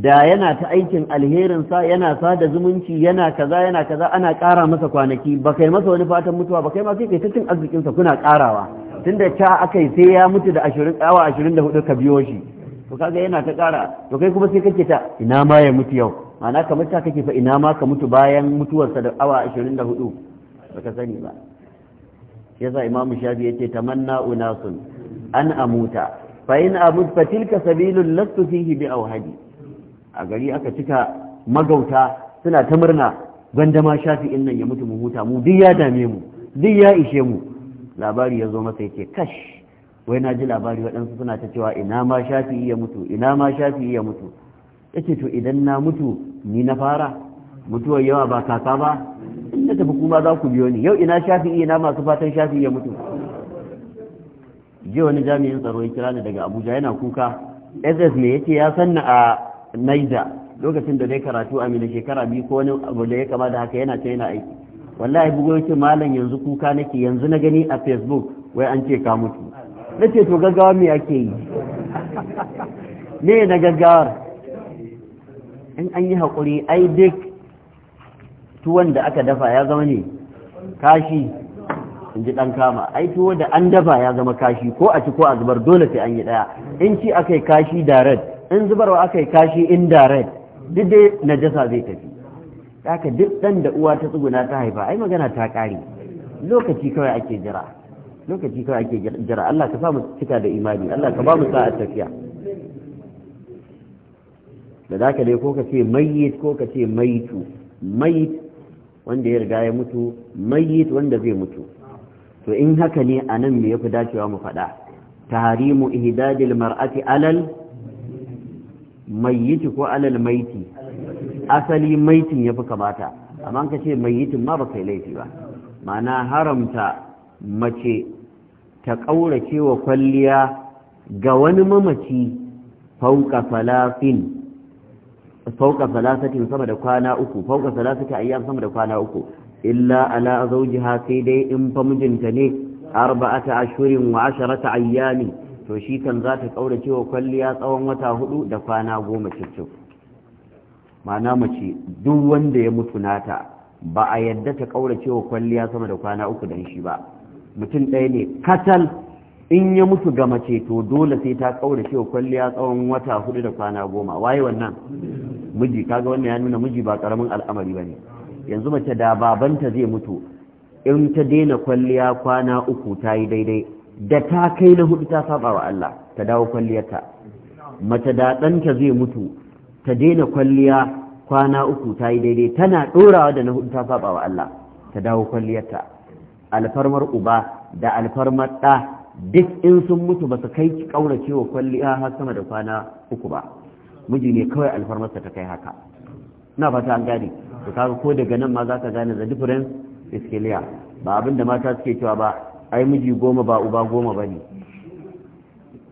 Speaker 1: da yana ta aikin alherin sa yana sada zumunci yana kaza yana kaza ana ƙara masa kwanaki ba kai masa wani fatan mutuwa ba kai ma sai kai ta cin arzikin sa kuna ƙarawa tunda ta akai sai ya mutu da 20 awa 24 ka biyo shi to kaga yana ta ƙara to kai kuma sai kake ta ina ma ya mutu yau ma'ana kamar ta kake fa ina ma ka mutu bayan mutuwarsa da awa 24 baka sani ba yasa imam shafi yace tamanna unasun an amuta fa in amut fa tilka sabilul lastu fihi bi awhadi a gari aka cika magauta suna ta murna gandama shafi in nan ya mutu mu huta mu duk ya dame mu duk ya ishe mu labari ya zo masa yace kash wai na ji labari waɗansu suna ta cewa ina ma shafi ya mutu ina ma shafi ya mutu yace to idan na mutu ni na fara mutuwar yawa ba kaka ba in na tafi kuma za ku biyo ni yau ina iya ina masu fatan shafi ya mutu jiya wani jami'in tsaro ya kira ni daga abuja yana kuka ss ne yake ya sanna a naija lokacin da dai karatu a mina shekara biyu ko wani abu da ya kama da haka yana ta yana aiki wallahi bugo malam yanzu kuka nake yanzu na gani a facebook wai an ce ka mutu nace to gaggawa me ake yi me na gaggawar in an yi haƙuri ai duk tuwon da aka dafa ya zama ne kashi in ji ɗan kama ai tuwo da an dafa ya zama kashi ko a ci ko a zubar dole sai an yi ɗaya in ci aka yi kashi direct in zubarwa aka yi kashi indirect duk dai najasa zai tafi haka duk ɗan da uwa ta tsuguna ta haifa ai magana ta ƙare lokaci kawai ake jira lokaci kawai ake jira Allah ka sa mu cika da imani Allah ka ba mu sa'a tafiya da za ka dai ko ka ce mayit ko ka ce maitu mayit wanda ya riga ya mutu mayit wanda zai mutu to in haka ne a nan me ya fi dacewa mu faɗa taharimu ihdadil mar'ati alal mayiti ko alal maiti asali maitin ya fi kamata amma ka ce mayitin ma ba kai laifi ba ma'ana haramta mace ta ƙaurace wa kwalliya ga wani mamaci fauka falafin fauka salasatin sama da kwana uku fauka salasati ayyam sama da kwana uku illa ala zawjiha sai dai in fa mijinta ne arba'ata ashhurin wa asharata ayyami to shi kan za ta kaura cewa kwalliya tsawon wata hudu da kwana goma cikin ma'ana mace duk wanda ya mutu nata ba a yadda ta kaura cewa kwalliya sama da kwana uku dan shi ba mutum ɗaya ne katal in ya mutu ga mace to dole sai ta kaura wa kwalliya tsawon wata hudu da kwana goma waye wannan miji kaga wannan ya nuna miji ba karamin al'amari ba ne yanzu mace da babanta zai mutu in ta daina kwalliya kwana uku ta yi daidai da ta kai na hudu ta saba wa Allah ta dawo kwalliyarta mace da ɗanta zai mutu ta daina kwalliya kwana uku ta yi daidai tana ɗorawa da na hudu ta saba wa Allah ta dawo kwalliyarta alfarmar uba da alfarmar ɗa duk in sun mutu ba su kai kaurace wa kwalliya har sama da kwana uku ba miji ne kawai alfarmarsa ta kai haka na fata an gane to kaga ko daga nan ma za ka gane the difference is clear ba abin da mata suke cewa ba ai miji goma ba uba goma ba ne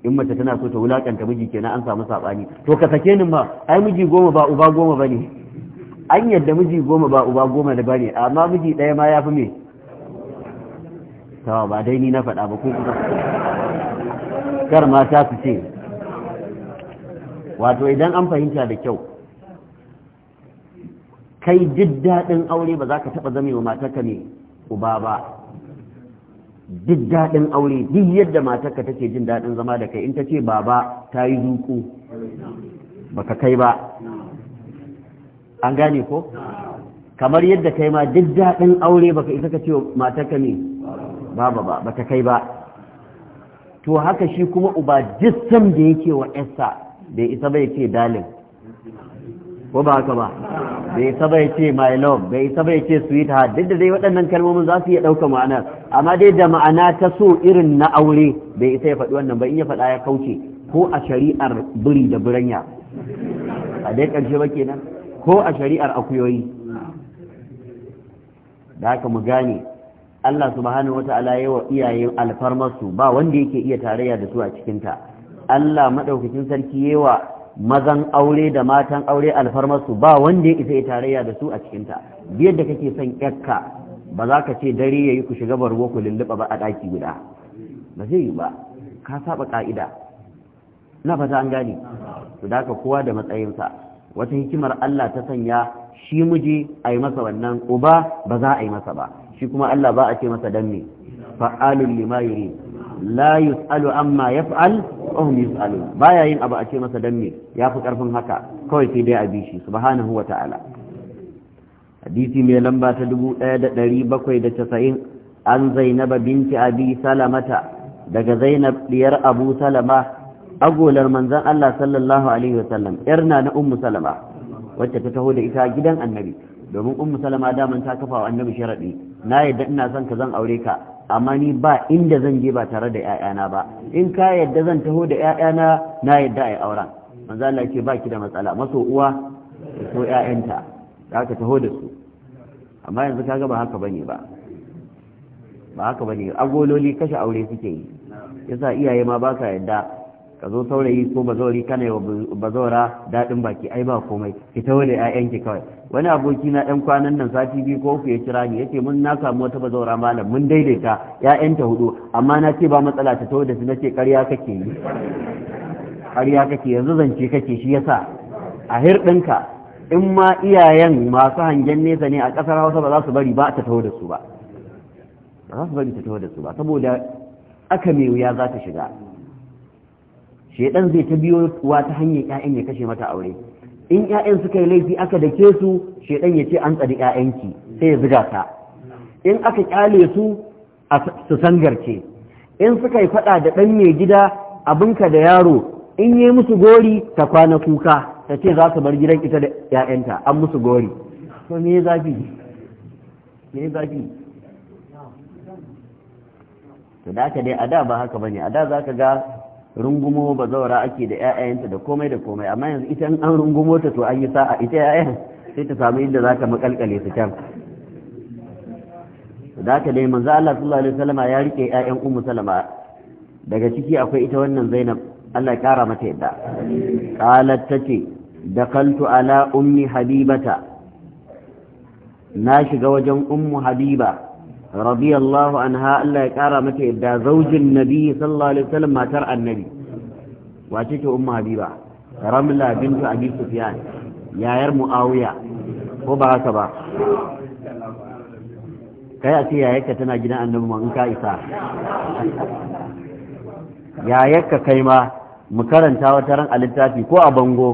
Speaker 1: in mace tana so ta wulakanta miji kenan an samu sabani to ka sake ni ma ai miji goma ba uba goma ba ne an yadda miji goma ba uba goma da bane amma miji ɗaya ma ya fi me tawa ba dai ni na faɗa ba ko kuka
Speaker 2: kar mata su ce wato
Speaker 1: idan an fahimta da kyau kai duk daɗin aure ba za ka taɓa zame wa matarka ne uba ba duk daɗin aure duk yadda matarka take jin daɗin zama da kai in ta ce baba ta yi zuku ka kai ba an gane ko kamar yadda kai ma duk daɗin aure baka isa ka ce wa matarka ne babu ba ba ta kai ba to haka shi kuma uba jistan da yake wa esta bai isa bai ce dalin ko ba haka ba bai isa bai ce my love bai isa bai ce sweetheart duk da dai waɗannan kalmomin za su iya ɗauka ma'ana amma dai da ma'ana ta so irin na aure bai isa ya faɗi wannan ba in ya faɗa ya kauce ko a shari'ar biri da buranya a dai ƙarshe ba kenan ko a shari'ar akuyoyi da haka mu gane Allah subhanahu wata'ala yawa iyaye alfarmarsu ba wanda yake iya tarayya da su a cikinta Allah madaukakin sarki yawa mazan aure da matan aure alfarmarsu ba wanda ya isa ya tarayya da su a cikinta biyar da kake son yakka ba za ka ce dare ya yi ku shiga barwo ku lulluɓa ba a ɗaki guda ba zai yi ba ka saba ka'ida na fata an gane to da ka kowa da matsayinsa wata hikimar Allah ta sanya shi muje a yi masa wannan uba ba za a yi masa ba shi kuma Allah ba a ce masa dan me fa'alun lima yurid la yus'alu amma yaf'al wa hum Ba ya yin abu a ce masa dan Ya fi karfin haka kawai sai dai a bi shi subhanahu wa ta'ala hadisi mai lamba ta 1790 an zainaba binti abi salamata daga zainab diyar abu salama agolar manzan Allah sallallahu alaihi sallam yarna na ummu salama wacce ta taho da ita gidan annabi domin ummu salama daman ta kafa wa annabi sharadi na yadda ina son ka zan aure ka amma ni ba inda zan je ba tare da ƴaƴana ba in ka yadda zan taho da ƴaƴana na yadda ai auren manzo Allah yake baki da matsala maso uwa so ƴaƴanta ka taho da su amma yanzu kaga ba haka bane ba ba haka bane agololi kashe aure suke yi yasa iyaye ma ba ka yadda ka zo saurayi ko bazawari kana yi wa bazawara daɗin baki ai ba komai ki taho da ƴaƴanki kawai wani aboki na ɗan kwanan nan sati biyu ko ku ya kira ni yace mun na samu wata bazaura malam mun daidaita ƴaƴanta hudu amma na ce ba matsala ta tawo da su nace ƙarya kake yi ƙarya kake yanzu zance kake shi yasa a hirɗinka in ma iyayen masu hangen nesa ne a ƙasar Hausa ba za su bari ba ta tawo da su ba ba za su bari ta tawo da su ba saboda aka mai wuya za ta shiga shedan zai ta biyo wa ta hanyar ƴaƴan ya kashe mata aure in ƴaƴan suka yi laifi aka dake su shaidan ya ce an tsari ƴaƴanki sai ya zuga ta in aka kyale su su sangarce in suka yi fada da ɗan mai gida abinka da yaro in yi musu gori ta kwana kuka ta ce za su bar gidan ita da ƴaƴanta an musu gori to me zafi me zafi to da aka dai a da ba haka bane a da za ka ga rungumo ba zaura ake da 'ya'yanta da komai da komai amma yanzu ita in an rungumo ta to an yi sa'a ita ƴaƴan sai ta samu inda za ta makalkale su can da ta dai manzo Allah sallallahu alaihi wasallam ya rike ƴaƴan ummu salama daga ciki akwai ita wannan Zainab Allah ya kara mata yadda qalat tace dakaltu ala ummi habibata na shiga wajen ummu habiba radiyallahu anha Allah ya kara mata yadda zaujin nabi sallallahu alaihi wasallam matar annabi wace ce umma habiba ramla bintu abi sufyan yayar muawiya ko ba haka ba kai a ce yayarka tana gidan annabi mu in ka isa yayarka kai ma mu karanta wata ran a littafi ko a bango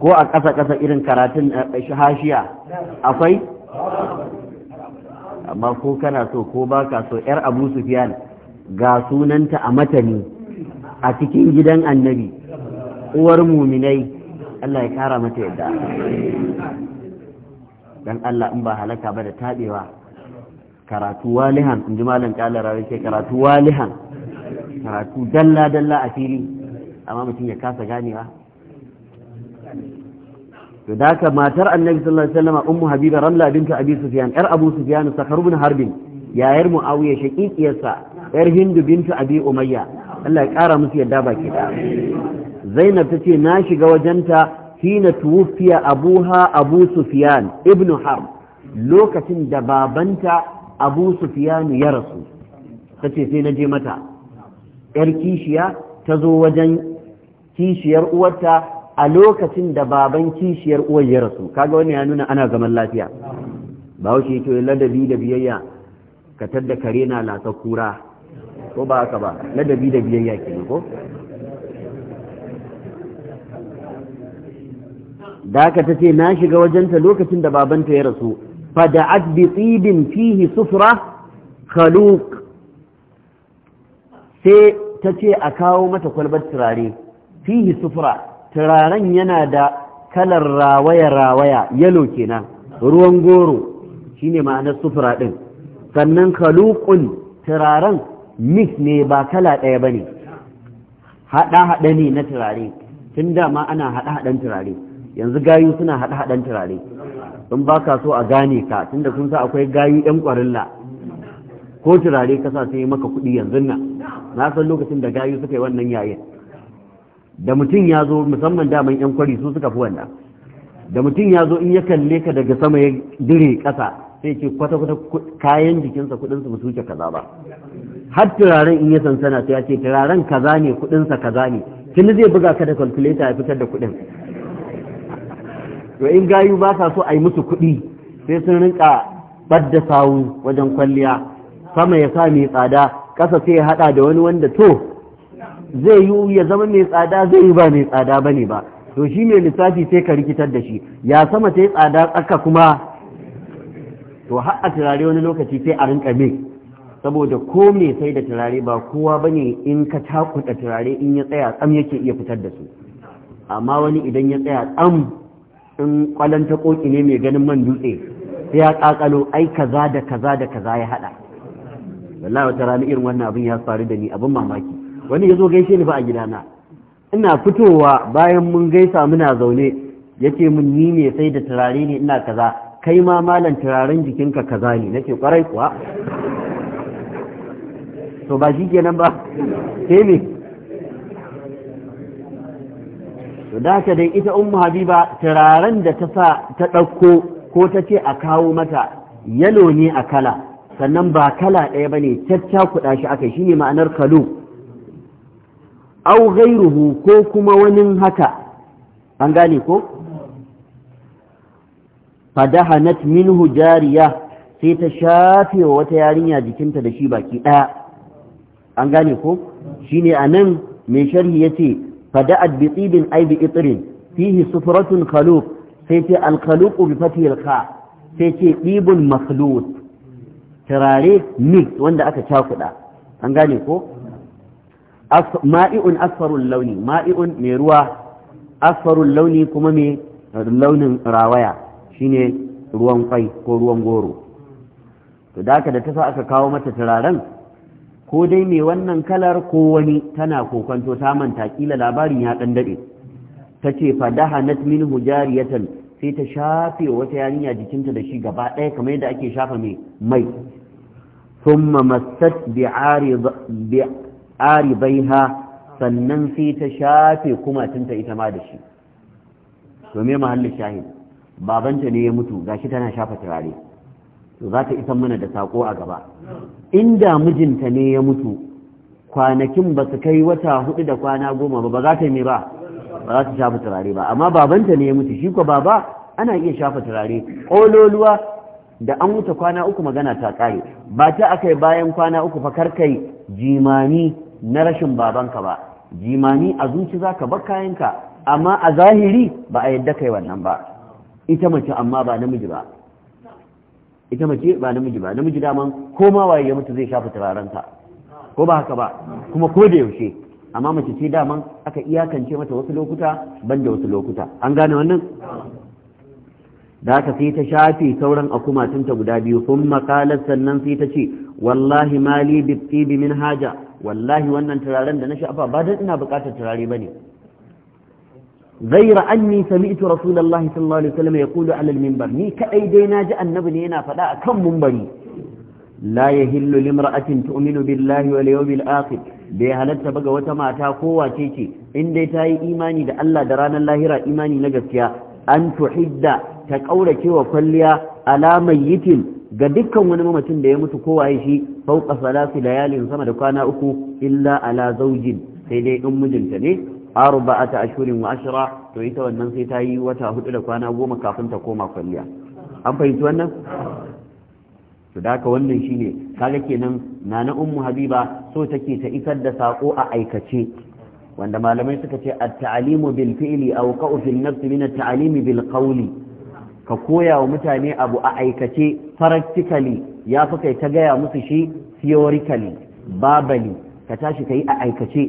Speaker 1: ko a ƙasa ƙasa irin karatun eh, hashiya akwai amma ko kana so ko ba ka so yar abu sufiyan ga sunanta a matani a cikin gidan annabi uwar muminai Allah ya kara mata yadda dan Allah in ba halaka ba da tabewa karatu walihan in ji malam kalara ke karatu walihan karatu dalla dalla a fili amma mutum ya kasa ganewa to da matar annabi sallallahu alaihi wasallam ummu habiba ramla bint abi sufyan yar abu sufyan sakar ibn harbin yayar muawiya shaqiqiyarsa yar hindu bintu abi umayya Allah ya kara musu yadda baki da zainab tace na shiga wajenta hina tuwfiya abuha abu sufyan ibn harb lokacin da babanta abu sufyan ya rasu tace sai na je mata yar kishiya ta zo wajen kishiyar uwarta a lokacin da baban kishiyar uwar ya rasu kaga wannan ya nuna ana zaman lafiya ba wuce yake ladabi da biyayya ka tadda kare na lasa kura ko ba haka ba ladabi da biyayya ke ko da ta ce na shiga wajenta lokacin da babanta ya rasu fada'at bi tsibin fihi sufra khaluq sai ta ce a kawo mata kwalbar turare fihi sufra turaren yana da kalar rawaya-rawaya yalo kenan ruwan goro shine ma'anar sufura ɗin sannan kalukun turaren mix ne ba kala ɗaya ba ne haɗa-haɗa ne na turare tun dama ana haɗa-haɗan turare yanzu gayu suna haɗa-haɗan turare sun ba ka so a gane ka tunda sun sa akwai gayu 'yan ƙwarilla ko turare kasa sai maka kuɗi yanzu nan na san lokacin da gayu suka yi wannan yayin da mutum ya zo musamman daman yan kwari su suka fi wanda. da mutum ya zo in ya kalle ka daga sama ya dire ƙasa sai ce kwata-kwata kayan jikinsa kuɗinsu ba su wuce kaza ba har turaren in ya sansana sai ya ce turaren kaza ne kuɗinsa kaza ne tuni zai buga ka da calculator ya fitar da kuɗin to in gayu ba sa so a yi musu kuɗi sai sun rinka badda sawu wajen kwalliya sama ya sa mai tsada ƙasa sai ya haɗa da wani wanda to zai yi ya zama mai tsada zai yi ba mai tsada ne ba to shi mai lissafi sai ka rikitar da shi ya sama sai tsada tsaka kuma to har a turare wani lokaci sai a rinka mai saboda ko mai sai da turare ba kowa ba ne in ka takuta turare in ya tsaya tsam yake iya fitar da su amma wani idan ya tsaya tsam in ta koki ne mai ganin man dutse sai ya kakalo ai kaza da kaza da kaza ya haɗa. wallahi wata rana irin wannan abin ya faru da ni abin mamaki wani ya zo gaishe ni ba a na. ina fitowa bayan mun gaisa muna zaune ya ce mun ni ne sai da turare ne ina kaza kai ma malam turaren jikinka kaza ne nake kwarai kuwa to ba shi kenan ba sai ne to da ka dai ita ummu habiba turaren da ta sa ta ɗauko ko ta ce a kawo mata yalo ne a kala sannan ba kala ɗaya ba ne cacca kuɗa shi aka shi ne ma'anar kalu au gairuhu ko kuma wani haka an gane ko fadahanat minhu jariya sai ta shafe wa wata yarinya jikinta da shi baki ɗaya an gane ko shine anan mai sharhi yace fada'at bi tibin ay bi itrin fihi sufratun khaluq sai ce al-khaluq bi fathi kha sai ce ibun makhlut turare mix wanda aka cakuda an gane ko ma'i'un asfarun launi ma'i'un mai ruwa asfarun launi kuma mai launin rawaya shine ruwan kwai ko ruwan goro to da aka da ta sa aka kawo mata turaren ko dai mai wannan kalar ko wani tana kokonto ta manta kila labarin ya dan dade ta ce fadahanat min hujariyatan sai ta shafe wata yarinya jikinta da shi gaba ɗaya kamar yadda ake shafa mai mai thumma massat bi'arid ha sannan sai ta shafe kumatinta ita ma da shi to me mahallin shahin, babanta ne ya mutu gashi tana shafa turare to za ta isan mana da sako a gaba inda mijinta ne ya mutu kwanakin ba su kai wata hudu da kwana goma ba ba za ta yi ba ba za ta shafa turare ba amma babanta ne ya mutu shi ko baba ana iya shafa turare ƙololuwa da an wuce kwana uku magana ta ƙare ba ta kai bayan kwana uku fa karkai jimami na rashin babanka ba jimani a zuci za ka bar kayanka amma a zahiri ba a yadda kai wannan ba ita mace amma ba namiji ba ita mace ba namiji ba namiji daman ko waye mutu zai shafa turarenta ko ba haka ba kuma ko da yaushe amma mace ce daman aka iyakance mata wasu lokuta ban da wasu lokuta an gane wannan da aka sai ta shafe sauran akumatunta guda biyu sun makalar sannan sai ta ce wallahi mali bi min haja wallahi wannan turaren da na shafa ba don ina bukatar turare ba ne zaira an ni sami rasulallah sallallahu alaihi wasallam ya kulu alal mimbar ni kadai dai na ji annabi ne yana faɗa a kan mumbari la ya hillu limra'atin tu'minu billahi wal yawmil akhir bai halatta baga wata mata ko wace ce in dai ta yi imani da Allah da ranar lahira imani na gaskiya an tuhidda ta kaurace wa kwalliya alamai yitin ga dukkan wani mamacin da ya mutu kowaye shi fauka salasi layalin sama da kwana uku illa ala zaujin sai dai in mijinta ne arba'ata ashurin wa ashira? to ita wannan sai ta yi wata hudu da kwana goma kafin ta koma kwalliya an fahimci wannan to da haka wannan shine kaga kenan nana ummu habiba so take ta isar da sako a aikace wanda malamai suka ce at-ta'limu bil fi'li aw qa'u fil nafs min at-ta'limi bil qawli ka koya wa mutane abu a aikace practically ya fi kai ta gaya musu shi theoretically babali ka tashi ka yi a aikace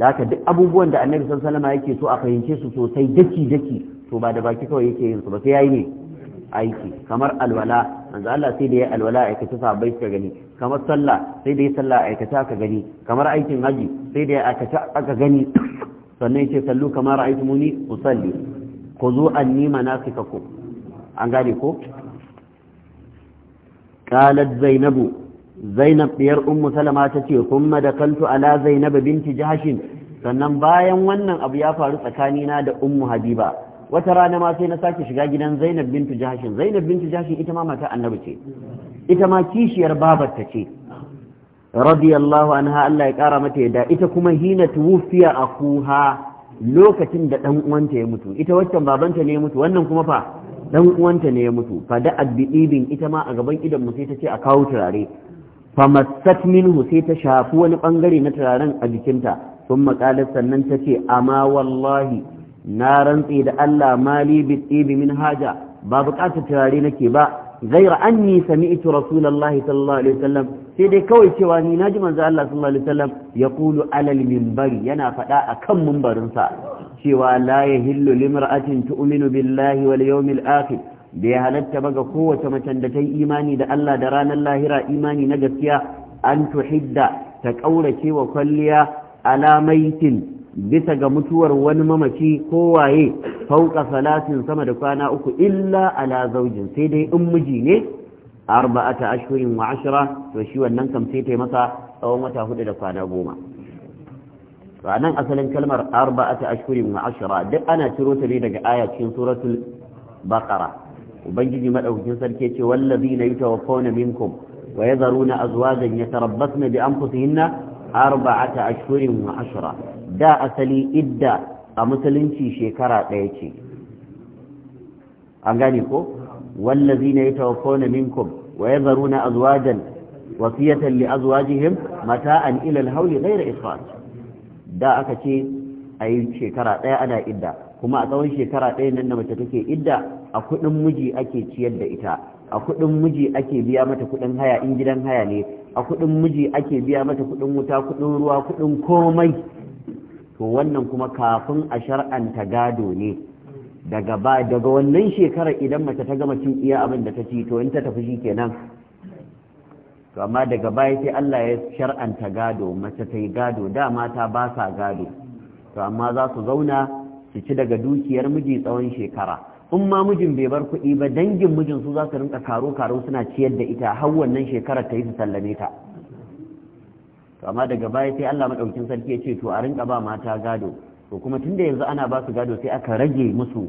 Speaker 1: da haka duk abubuwan da annabi sallallahu alaihi yake so a fahimce su sosai daki daki to ba da baki kawai yake yin su ba sai yayi ne aiki kamar alwala manzo Allah sai da ya alwala aikace sahabbai suka gani kamar sallah sai da ya sallah aikace aka gani kamar aikin haji sai da ya aikace aka gani sannan yace sallu kamar ra'aytumuni usalli ku zo an nima na suka ku an gane ko qalat zainabu zainab ɗiyar ummu salama ta ce kuma da ala zainab binti jahashin sannan bayan wannan abu ya faru tsakanina da ummu habiba wata rana ma sai na sake shiga gidan zainab bintu jahashin zainab bintu jahashin ita ma mata annabi ce ita ma kishiyar babar ta ce radiyallahu anha Allah ya kara mata yadda ita kuma hina tuwfiya akuha lokacin da dan uwanta ya mutu ita waccan babanta ne ya mutu wannan kuma fa dan uwanta ne ya mutu fa da addibin ita ma a gaban idan mu sai ta ce a kawo turare fa masat minhu sai ta shafi wani bangare na turaren a jikinta sun makalar sannan ta ce amma wallahi na rantse da Allah mali bi min haja ba bukatar turare nake ba غير أني سمعت رسول الله صلى الله عليه وسلم سيدي كوي شواني ناجم أنزال الله صلى الله عليه وسلم يقول على المنبر ينا فتاة كم منبر انسا شوى لا يهل لمرأة تؤمن بالله واليوم الآخر bai halatta ba ga kowace macen da ta yi imani da Allah da ranar lahira imani na gaskiya an tuhidda ta ƙaurace wa kwalliya alamaitin bisa ga mutuwar wani mamaci ko waye fauka salatin sama da kwana uku illa ala zaujin sai dai in miji ne arba'ata ashhurin wa ashira? to shi wannan kam sai ta masa tsawon wata hudu da kwana goma ranan asalin kalmar arba'ata ashhurin wa ashira duk ana ciro ta ne daga aya cikin suratul baqara ubangiji madaukakin sarki ce wallazina yutawaffawna minkum wa yadharuna azwajan yatarabbasna bi anfusihinna arba'ata ashhurin wa ashira. da asali idda a musulunci shekara ɗaya ce an gani ko wallazi na yi tawakona minkum wa ya zaru na azuwajen wasiyatan li mata an ilal hauli ghaira isfat da aka ce a yi shekara ɗaya ana idda kuma a tsawon shekara ɗaya nan da mace take idda a kuɗin miji ake ciyar da ita a kuɗin miji ake biya mata kuɗin haya in gidan haya ne a kuɗin miji ake biya mata kuɗin wuta kuɗin ruwa kuɗin komai to wannan kuma kafin a shar'anta gado ne daga ba daga wannan shekarar idan mace ta gama cin iya abin da ta ci to in ta tafi shi kenan to amma daga baya sai Allah ya shar'anta gado mace ta yi gado dama ta ba sa gado to amma za su zauna su ci daga dukiyar miji tsawon shekara in ma mijin bai bar kuɗi ba dangin mijin su za su rinka karo karo suna ciyar da ita har wannan shekarar ta yi su sallame ta to amma daga baya sai Allah madaukin sarki ya ce to a rinka ba mata gado to kuma tunda yanzu ana ba su gado sai aka rage musu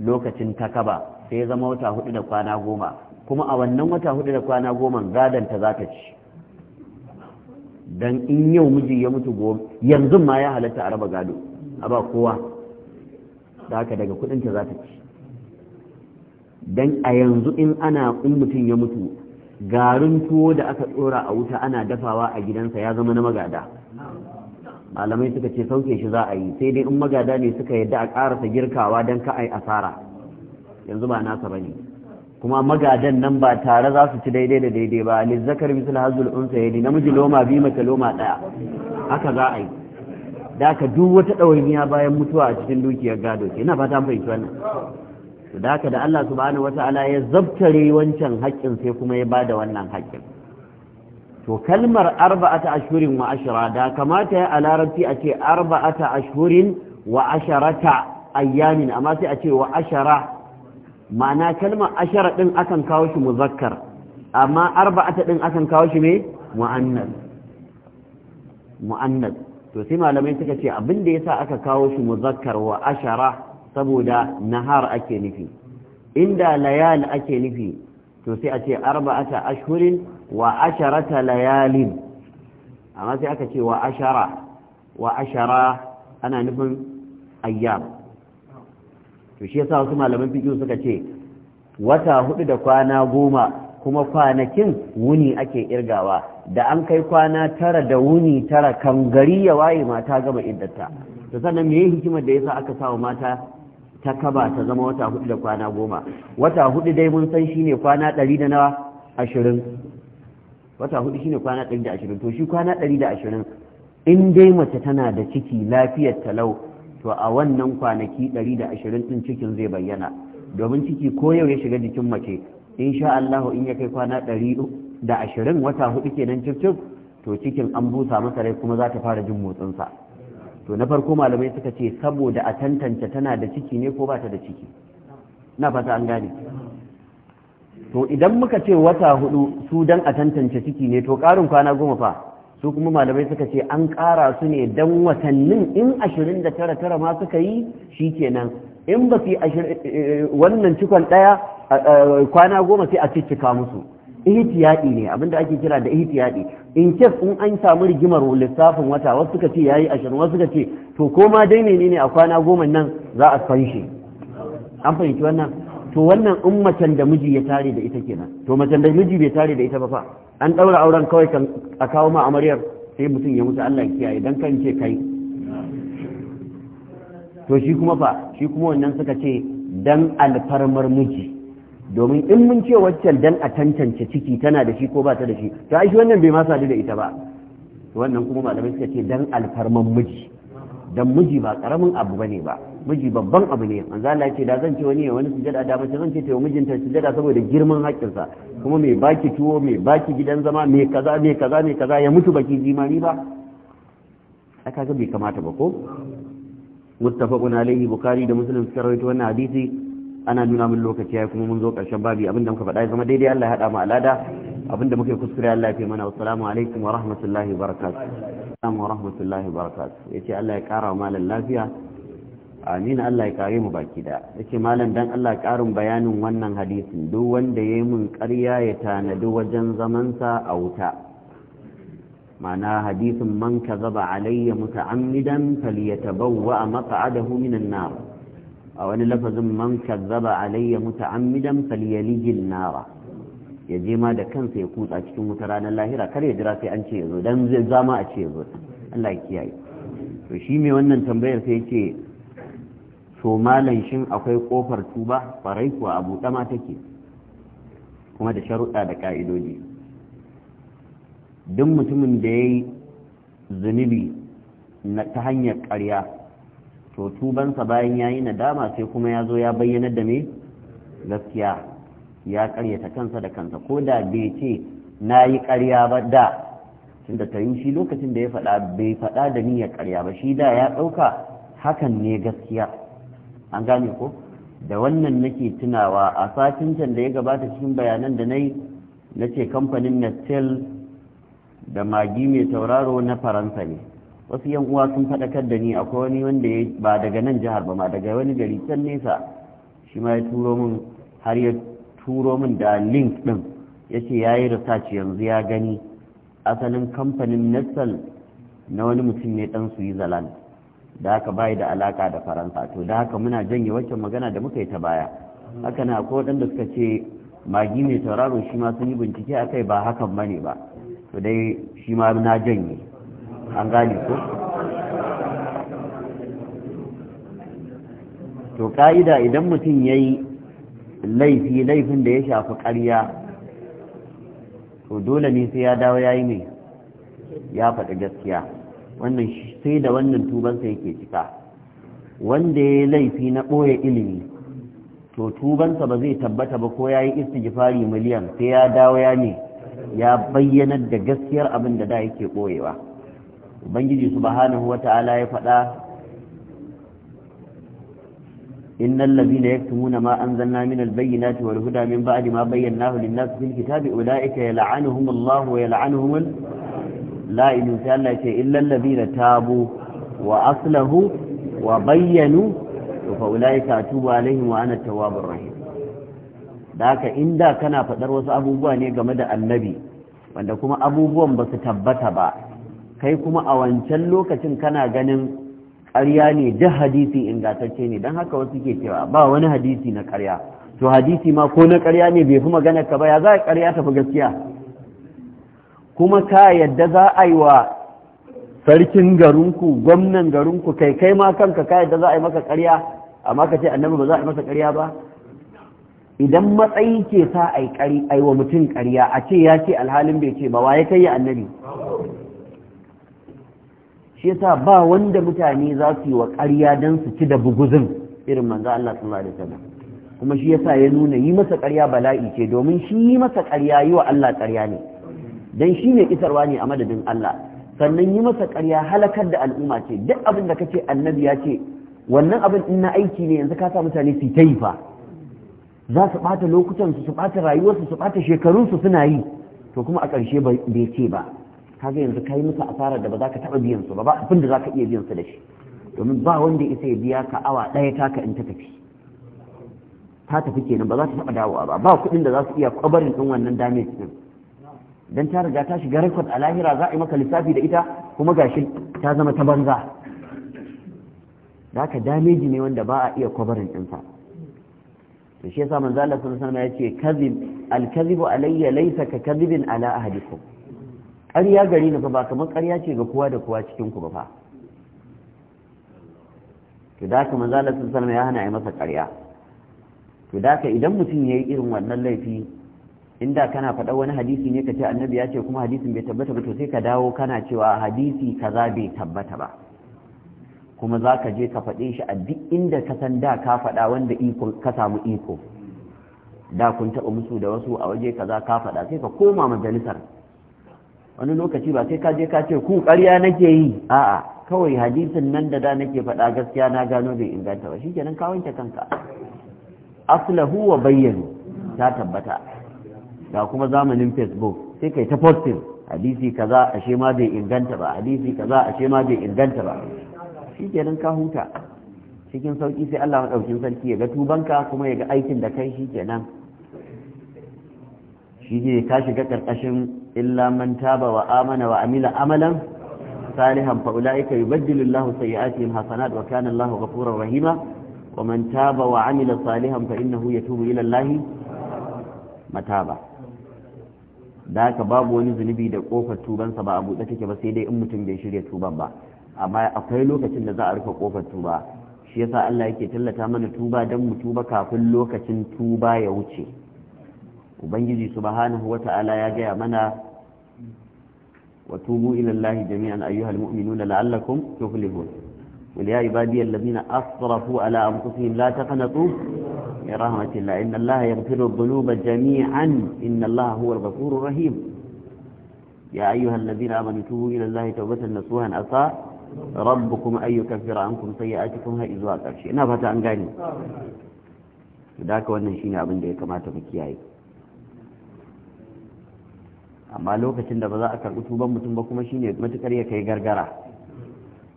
Speaker 1: lokacin takaba sai ya zama wata hudu da kwana goma kuma a wannan wata hudu da kwana goma gadon ta za ta ci dan in yau miji ya mutu gobe yanzu ma ya halatta a raba gado a ba kowa da haka daga kudin ta za ta ci dan a yanzu in ana in mutum ya mutu garin tuwo da aka tsora a wuta ana dafawa a gidansa ya zama na magada malamai suka ce sauke shi za a yi sai dai in magada ne suka yadda a ƙarasa girkawa don ka ai asara yanzu ba nasa ba ne. kuma magadan nan ba tare za su ci daidai da daidai ba lizzakar misal hazul unsa yadi namiji loma biyu mace loma ɗaya haka za a yi da aka duk wata ɗawainiya bayan mutuwa a cikin dukiyar gado ke na fata fahimci wannan to da haka da Allah subhanahu wata'ala ya zabtare wancan haƙƙin sai kuma ya bada wannan haƙƙin to kalmar arba'ata ashurin wa ashara da kamata ya a larabci a ce arba'ata ashurin wa asharata ayyamin amma sai a ce wa ashara ma'ana kalmar ashara din akan kawo shi muzakkar amma arba'ata din akan kawo shi me mu'annas mu'annas to sai malamai suka ce abin da yasa aka kawo shi muzakkar wa ashara saboda nahar ake nufi inda layal ake nufi to sai a ce arba'ata ashhurin wa asharata layalin amma sai aka ce wa ashara wa ashara ana nufin ayyam to shi yasa wasu malaman fiqh suka ce wata hudu da kwana goma kuma kwanakin wuni ake irgawa da an kai kwana tara da wuni tara kan gari ya waye mata gama iddata to sannan me hikimar da yasa aka sa mata ta kaba ta zama wata hudu da kwana goma wata hudu dai mun san shine kwana ɗari da na ashirin wata hudu shine kwana ɗari da ashirin to shi kwana ɗari da ashirin in dai mace tana da ciki lafiyar talau to a wannan kwanaki ɗari da ashirin ɗin cikin zai bayyana domin ciki ko yau ya shiga jikin mace in sha Allah in ya kai kwana ɗari da ashirin wata hudu kenan cif to cikin an busa masa rai kuma za ta fara jin motsinsa. to na farko malamai suka ce saboda a tantance tana da ciki ne ko ba ta da ciki na fata an gane to idan muka ce wata hudu su dan a tantance ciki ne to karin kwana goma fa su kuma malamai suka ce an kara su ne dan watannin in ashirin da tara tara ma suka yi shi kenan in ba su yi eh, wannan cikon daya eh, eh, kwana goma sai a ciccika musu ihtiyadi ne abinda ake kira da ihtiyadi in kes in an samu rigimar lissafin wata wasu suka ce yayi ashirin wasu suka ce to ko ma dai menene a kwana goma nan za a san shi an fahimci wannan to wannan in macen da miji ya tare da ita kenan to macen da miji bai tare da ita ba fa an daura auren kawai kan a kawo ma amaryar sai mutum ya mutu Allah ya kiyaye dan kan ce kai to shi kuma fa shi kuma wannan suka ce dan alfarmar miji domin in mun ce waccan dan a tantance ciki tana da shi ko ba ta da shi to ai wannan bai ma sadu da ita ba wannan kuma malamai suka ce dan alfarman miji dan miji ba karamin abu bane ba miji babban abu ne manzo Allah ce da zan ce wani ya wani sujada da mace zan ce ta mijinta sujada saboda girman haƙƙinsa kuma mai baki tuwo mai baki gidan zama mai kaza mai kaza mai kaza ya mutu baki jimani ba Ai ga bai kamata ba ko muttafaqun alaihi bukhari da muslim suka rawaito wannan hadisi ana nuna min lokaci ya kuma mun zo ƙarshen babi abinda muka faɗa ya zama daidai Allah ya haɗa mu alada abinda muke kuskure Allah ya fi mana assalamu alaikum wa rahmatullahi wa barakatuh assalamu wa rahmatullahi wa barakatuh yace Allah ya ƙara wa malam lafiya amin Allah ya kare mu baki da yace malam dan Allah ƙarin bayanin wannan hadisin duk wanda yayi mun ƙarya ya tanadi wajen zaman sa a wuta معنى حديث من كذب علي متعمدا فليتبوأ مقعده من النار a wani lafazin man kazzaba alayya muta'ammidan falyalijin nara ya je ma da kansa ya kutsa cikin wuta ranar lahira kar ya jira sai an ce yazo dan zai zama a ce yazo Allah ya kiyaye to shi mai wannan tambayar sai yace to malan shin akwai kofar tuba farai kuwa abu dama take kuma da sharuɗa da ƙa'idodi duk mutumin da ya yi zunubi ta hanyar ƙarya to tubansa bayan ya yi nadama sai kuma ya zo ya bayyana da me gaskiya ya karyata kansa da kansa ko da bai ce na yi karya ba da tunda ta yi shi lokacin da ya faɗa bai faɗa da niyyar karya ba shi da ya ɗauka hakan ne gaskiya an gane ko da wannan nake tunawa a satin can da ya gabata cikin bayanan da na yi na ce kamfanin nestle da magi mai tauraro na faransa ne wasu yan uwa sun faɗakar da ni akwai wani wanda ya ba daga nan jihar ba ma daga wani gari can nesa shi ma ya turo min har ya turo min da link ɗin ya ce ya yi research yanzu ya gani asalin kamfanin nestle na wani mutum ne ɗan switzerland da haka bayi da alaka da faransa to da haka muna janye waccan magana da muka yi ta baya haka na akwai waɗanda suka ce magi mai tauraro shi ma sun yi bincike akai ba hakan ba ne ba to dai shi ma na janye an gane ko to ka'ida idan mutum ya yi laifi laifin da ya shafi ƙarya to dole ne sai ya dawo ya yi mai ya faɗi gaskiya wannan sai da wannan tubansa yake cika wanda ya yi laifi na ɓoye ilimi to tubansa ba zai tabbata ba ko ya yi istigifari miliyan sai ya dawo ya ne ya bayyanar da gaskiyar abin da da yake ɓoyewa Bangiji subhanahu wata'ala ya faɗa innal ladina yaktumuna ma anzalna minal bayyinati wal huda min ba'di ma bayyanahu lin nas fil kitabi ulaika yal'anuhum Allah wa yal'anuhum la ilaha illa Allah illa alladhina tabu wa aslahu wa bayyanu fa ulaika atubu alaihim wa ana at-tawwabur rahim daka inda kana fadar wasu abubuwa ne game da annabi wanda kuma abubuwan basu tabbata ba kai kuma a wancan lokacin kana ganin ƙarya ne duk hadisi ingantacce ne don haka wasu ke cewa ba wani hadisi na ƙarya to hadisi ma ko na ƙarya ne bai fi maganar ka ba ya za a ƙarya tafi gaskiya kuma ka yadda za a yi wa sarkin garinku gwamnan garinku kai kai ma kanka ka yadda za a yi maka ƙarya amma ka ce annabi ba za a yi masa ƙarya ba idan matsayi ke sa a yi wa mutum ƙarya a ce ya ce alhalin bai ce ba waye kai ya annabi shi yasa ba wanda mutane za su yi wa ƙarya don su ci da buguzin irin manzo Allah sallallahu alaihi wasallam kuma shi yasa ya nuna yi masa ƙarya bala'i ce domin shi yi masa ƙarya yi wa Allah ƙarya ne dan shi ne isarwa ne a madadin Allah sannan yi masa ƙarya halakar da al'umma ce duk abin da kace annabi ya ce wannan abin in na aiki ne yanzu ka sa mutane su ta yi fa za su ɓata lokutan su su ɓata rayuwarsu su ɓata shekarunsu suna yi to kuma a ƙarshe bai ce ba Ka kaga yanzu kai musu asarar da ba za ka taɓa biyan su ba ba abin da za ka iya biyan su da shi domin ba wanda isa ya biya ka awa ɗaya taka in ta tafi ta tafi kenan ba za ta taɓa dawowa ba ba kuɗin da za su iya kwabarin ɗin wannan damage ɗin dan ta riga ta shiga record a lahira za a yi maka lissafi da ita kuma gashi ta zama ta banza da ka dameji ne wanda ba a iya kwabarin ɗinsa to shi yasa manzo Allah sallallahu alaihi wasallam ya ce kadhib al-kadhibu alayya laysa ka kadhibin ala ahadikum ƙarya gari ni ba kamar ƙarya ce ga kowa da kowa cikin ku ba fa to da ka manzo Allah sallallahu ya hana ai masa ƙarya to da ka idan mutum yayi irin wannan laifi inda kana faɗa wani hadisi ne kace annabi ya ce kuma hadisin bai tabbata ba to sai ka dawo kana cewa hadisi kaza bai tabbata ba kuma za ka je ka faɗe shi a duk inda ka san da ka faɗa wanda ka samu iko da kun taɓa musu da wasu a waje kaza ka faɗa sai ka koma majalisar wani lokaci ba sai ka je ka ce ku ƙarya nake yi a'a kawai hadisin nan da da nake faɗa gaskiya na gano bai inganta ba shikenan ka wanke kanka aslahu wa bayyano ta tabbata ga kuma zamanin facebook sai kai ta posting hadisi kaza ashe ma bai inganta ba hadisi kaza ashe ma bai inganta ba shikenan ka huta cikin sauki sai Allah madaukin sarki ya ga tubanka kuma ya ga aikin da kai shikenan shi ne ka shiga ƙarƙashin illa man taba wa amana wa amila amalan salihan fa ulaika yubaddilu Allahu sayyi'atihim hasanat wa kana Allahu ghafurur rahima wa man taba wa amila salihan fa yatubu ila mataba da haka babu wani zunubi da kofar tubansa ba a buɗe take ba sai dai in mutum bai shirya tuban ba amma akwai lokacin da za a rufe kofar tuba shi yasa Allah yake tallata mana tuba don mu tuba kafin lokacin tuba ya wuce ubangiji subhanahu wata'ala ya gaya mana wa tubu ila Allah jami'an ayyuhal mu'minuna la'allakum tuflihun qul ya ibadiy alladhina asrafu ala anfusihim la taqnatu min rahmatillah inna Allah yaghfiru dhunuba jami'an ina Allah huwal ghafurur rahim ya ayyuhal ladhina amanu tubu ila Allah tawbatan nasuhan asa rabbukum an yukaffira ankum sayyi'atikum ha izwa karshe ina fata an gane da haka wannan shine abin da ya kamata mu kiyaye amma lokacin da ba za a karɓi tuban mutum ba kuma shine matukar ya kai gargara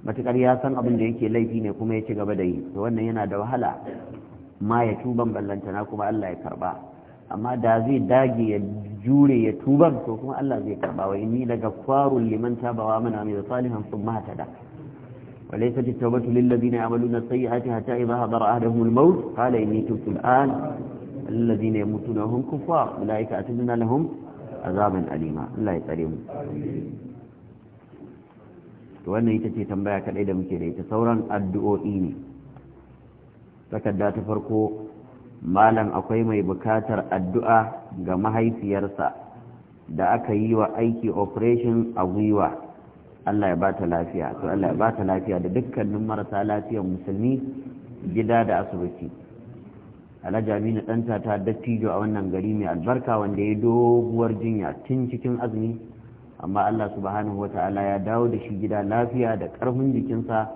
Speaker 1: matukar ya san abin da yake laifi ne kuma ya ci gaba da yi to wannan yana da wahala ma ya tuban ballantana kuma Allah ya karba amma da zai dage ya jure ya tuban to kuma Allah zai karba wa inni daga kwarul liman taba wa amana min salihan thumma hatada وليست التوبة للذين يعملون السيئات حتى إذا حضر أهلهم الموت قال إني تبت الآن الذين يموتون وهم كفار أولئك أعتدنا لهم azaban alima Allah ya tsare mu to wannan ita ce tambaya kadai da muke da ita sauran addu'o'i ne takarda ta farko malam akwai mai bukatar addu'a ga mahaifiyarsa da aka yi wa aiki operation a gwiwa Allah ya ba ta lafiya to Allah ya ba ta lafiya da dukkanin marasa lafiyar musulmi gida da asibiti alhaji aminu ɗanta ta dattijo a wannan gari mai albarka wanda ya doguwar jinya tun cikin azumi amma allah subhanahu wata'ala ya dawo da shi gida lafiya da ƙarfin jikinsa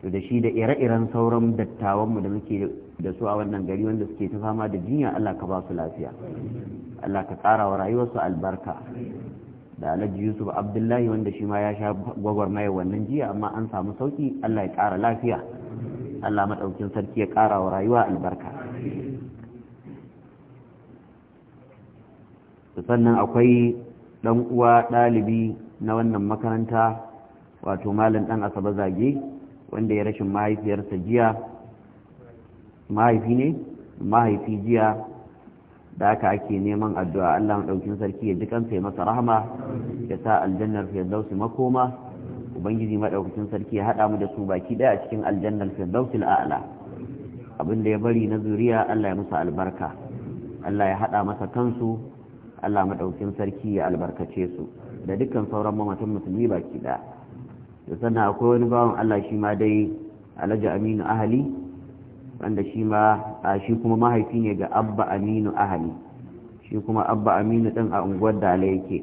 Speaker 1: to da shi da ire-iren sauran dattawanmu da muke da su a wannan gari wanda suke ta fama da jinya allah ka ba su lafiya allah ka ƙara wa rayuwarsu albarka da alhaji yusuf abdullahi wanda shi ma ya sha gwagwarmaya wannan jiya amma an samu sauki allah ya kara lafiya allah maɗaukin sarki ya ƙara wa rayuwa albarka sannan akwai ɗan uwa ɗalibi na wannan makaranta wato malam ɗan asaba zage wanda ya rashin mahaifiyarsa jiya mahaifi ne mahaifi jiya da aka ake neman addu'a Allah ɗaukin sarki ya ji kansa ya masa rahama ya sa aljannar firdausi makoma ubangiji maɗaukacin sarki ya haɗa mu da su baki ɗaya a cikin aljannar firdausi la'ala abin da ya bari na zuriya Allah ya musa albarka Allah ya haɗa masa kansu Allah maɗaukin sarki ya albarkace su da dukkan sauran mamatan musulmi baki ɗaya da sannan akwai wani bawan Allah shi ma dai alhaji aminu ahali wanda shi ma a shi kuma mahaifi ne ga abba aminu ahali shi kuma abba aminu ɗin a unguwar dala yake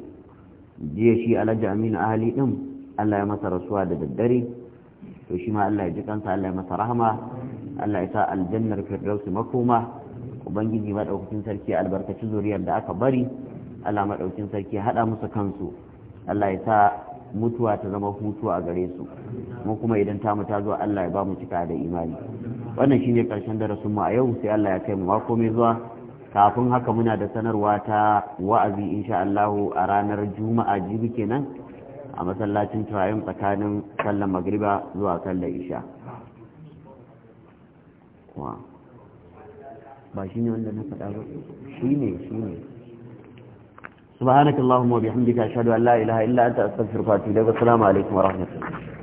Speaker 1: jiya shi alhaji aminu ahali ɗin Allah ya masa rasuwa da daddare to shi ma Allah ya ji kansa Allah ya masa rahama Allah ya sa aljannar firdausi makoma ubangiji madaukakin sarki albarkaci zuriyar da aka bari Allah madaukakin sarki hada musu kansu Allah ya sa mutuwa ta zama hutu a gare su mu kuma idan ta mutu zuwa Allah ya ba mu cika da imani wannan shine karshen darasin mu a yau sai Allah ya kai mu mako mai zuwa kafin haka muna da sanarwa ta wa'azi insha Allah a ranar juma'a jibi kenan a masallacin tawayin tsakanin sallar magriba zuwa sallar isha Wa! ba shi ne wanda na faɗa ba shi ne shi ne subhanakallahumma wa bihamdika ashhadu an la ilaha illa anta astaghfiruka wa atubu ilaik assalamu alaikum wa rahmatullahi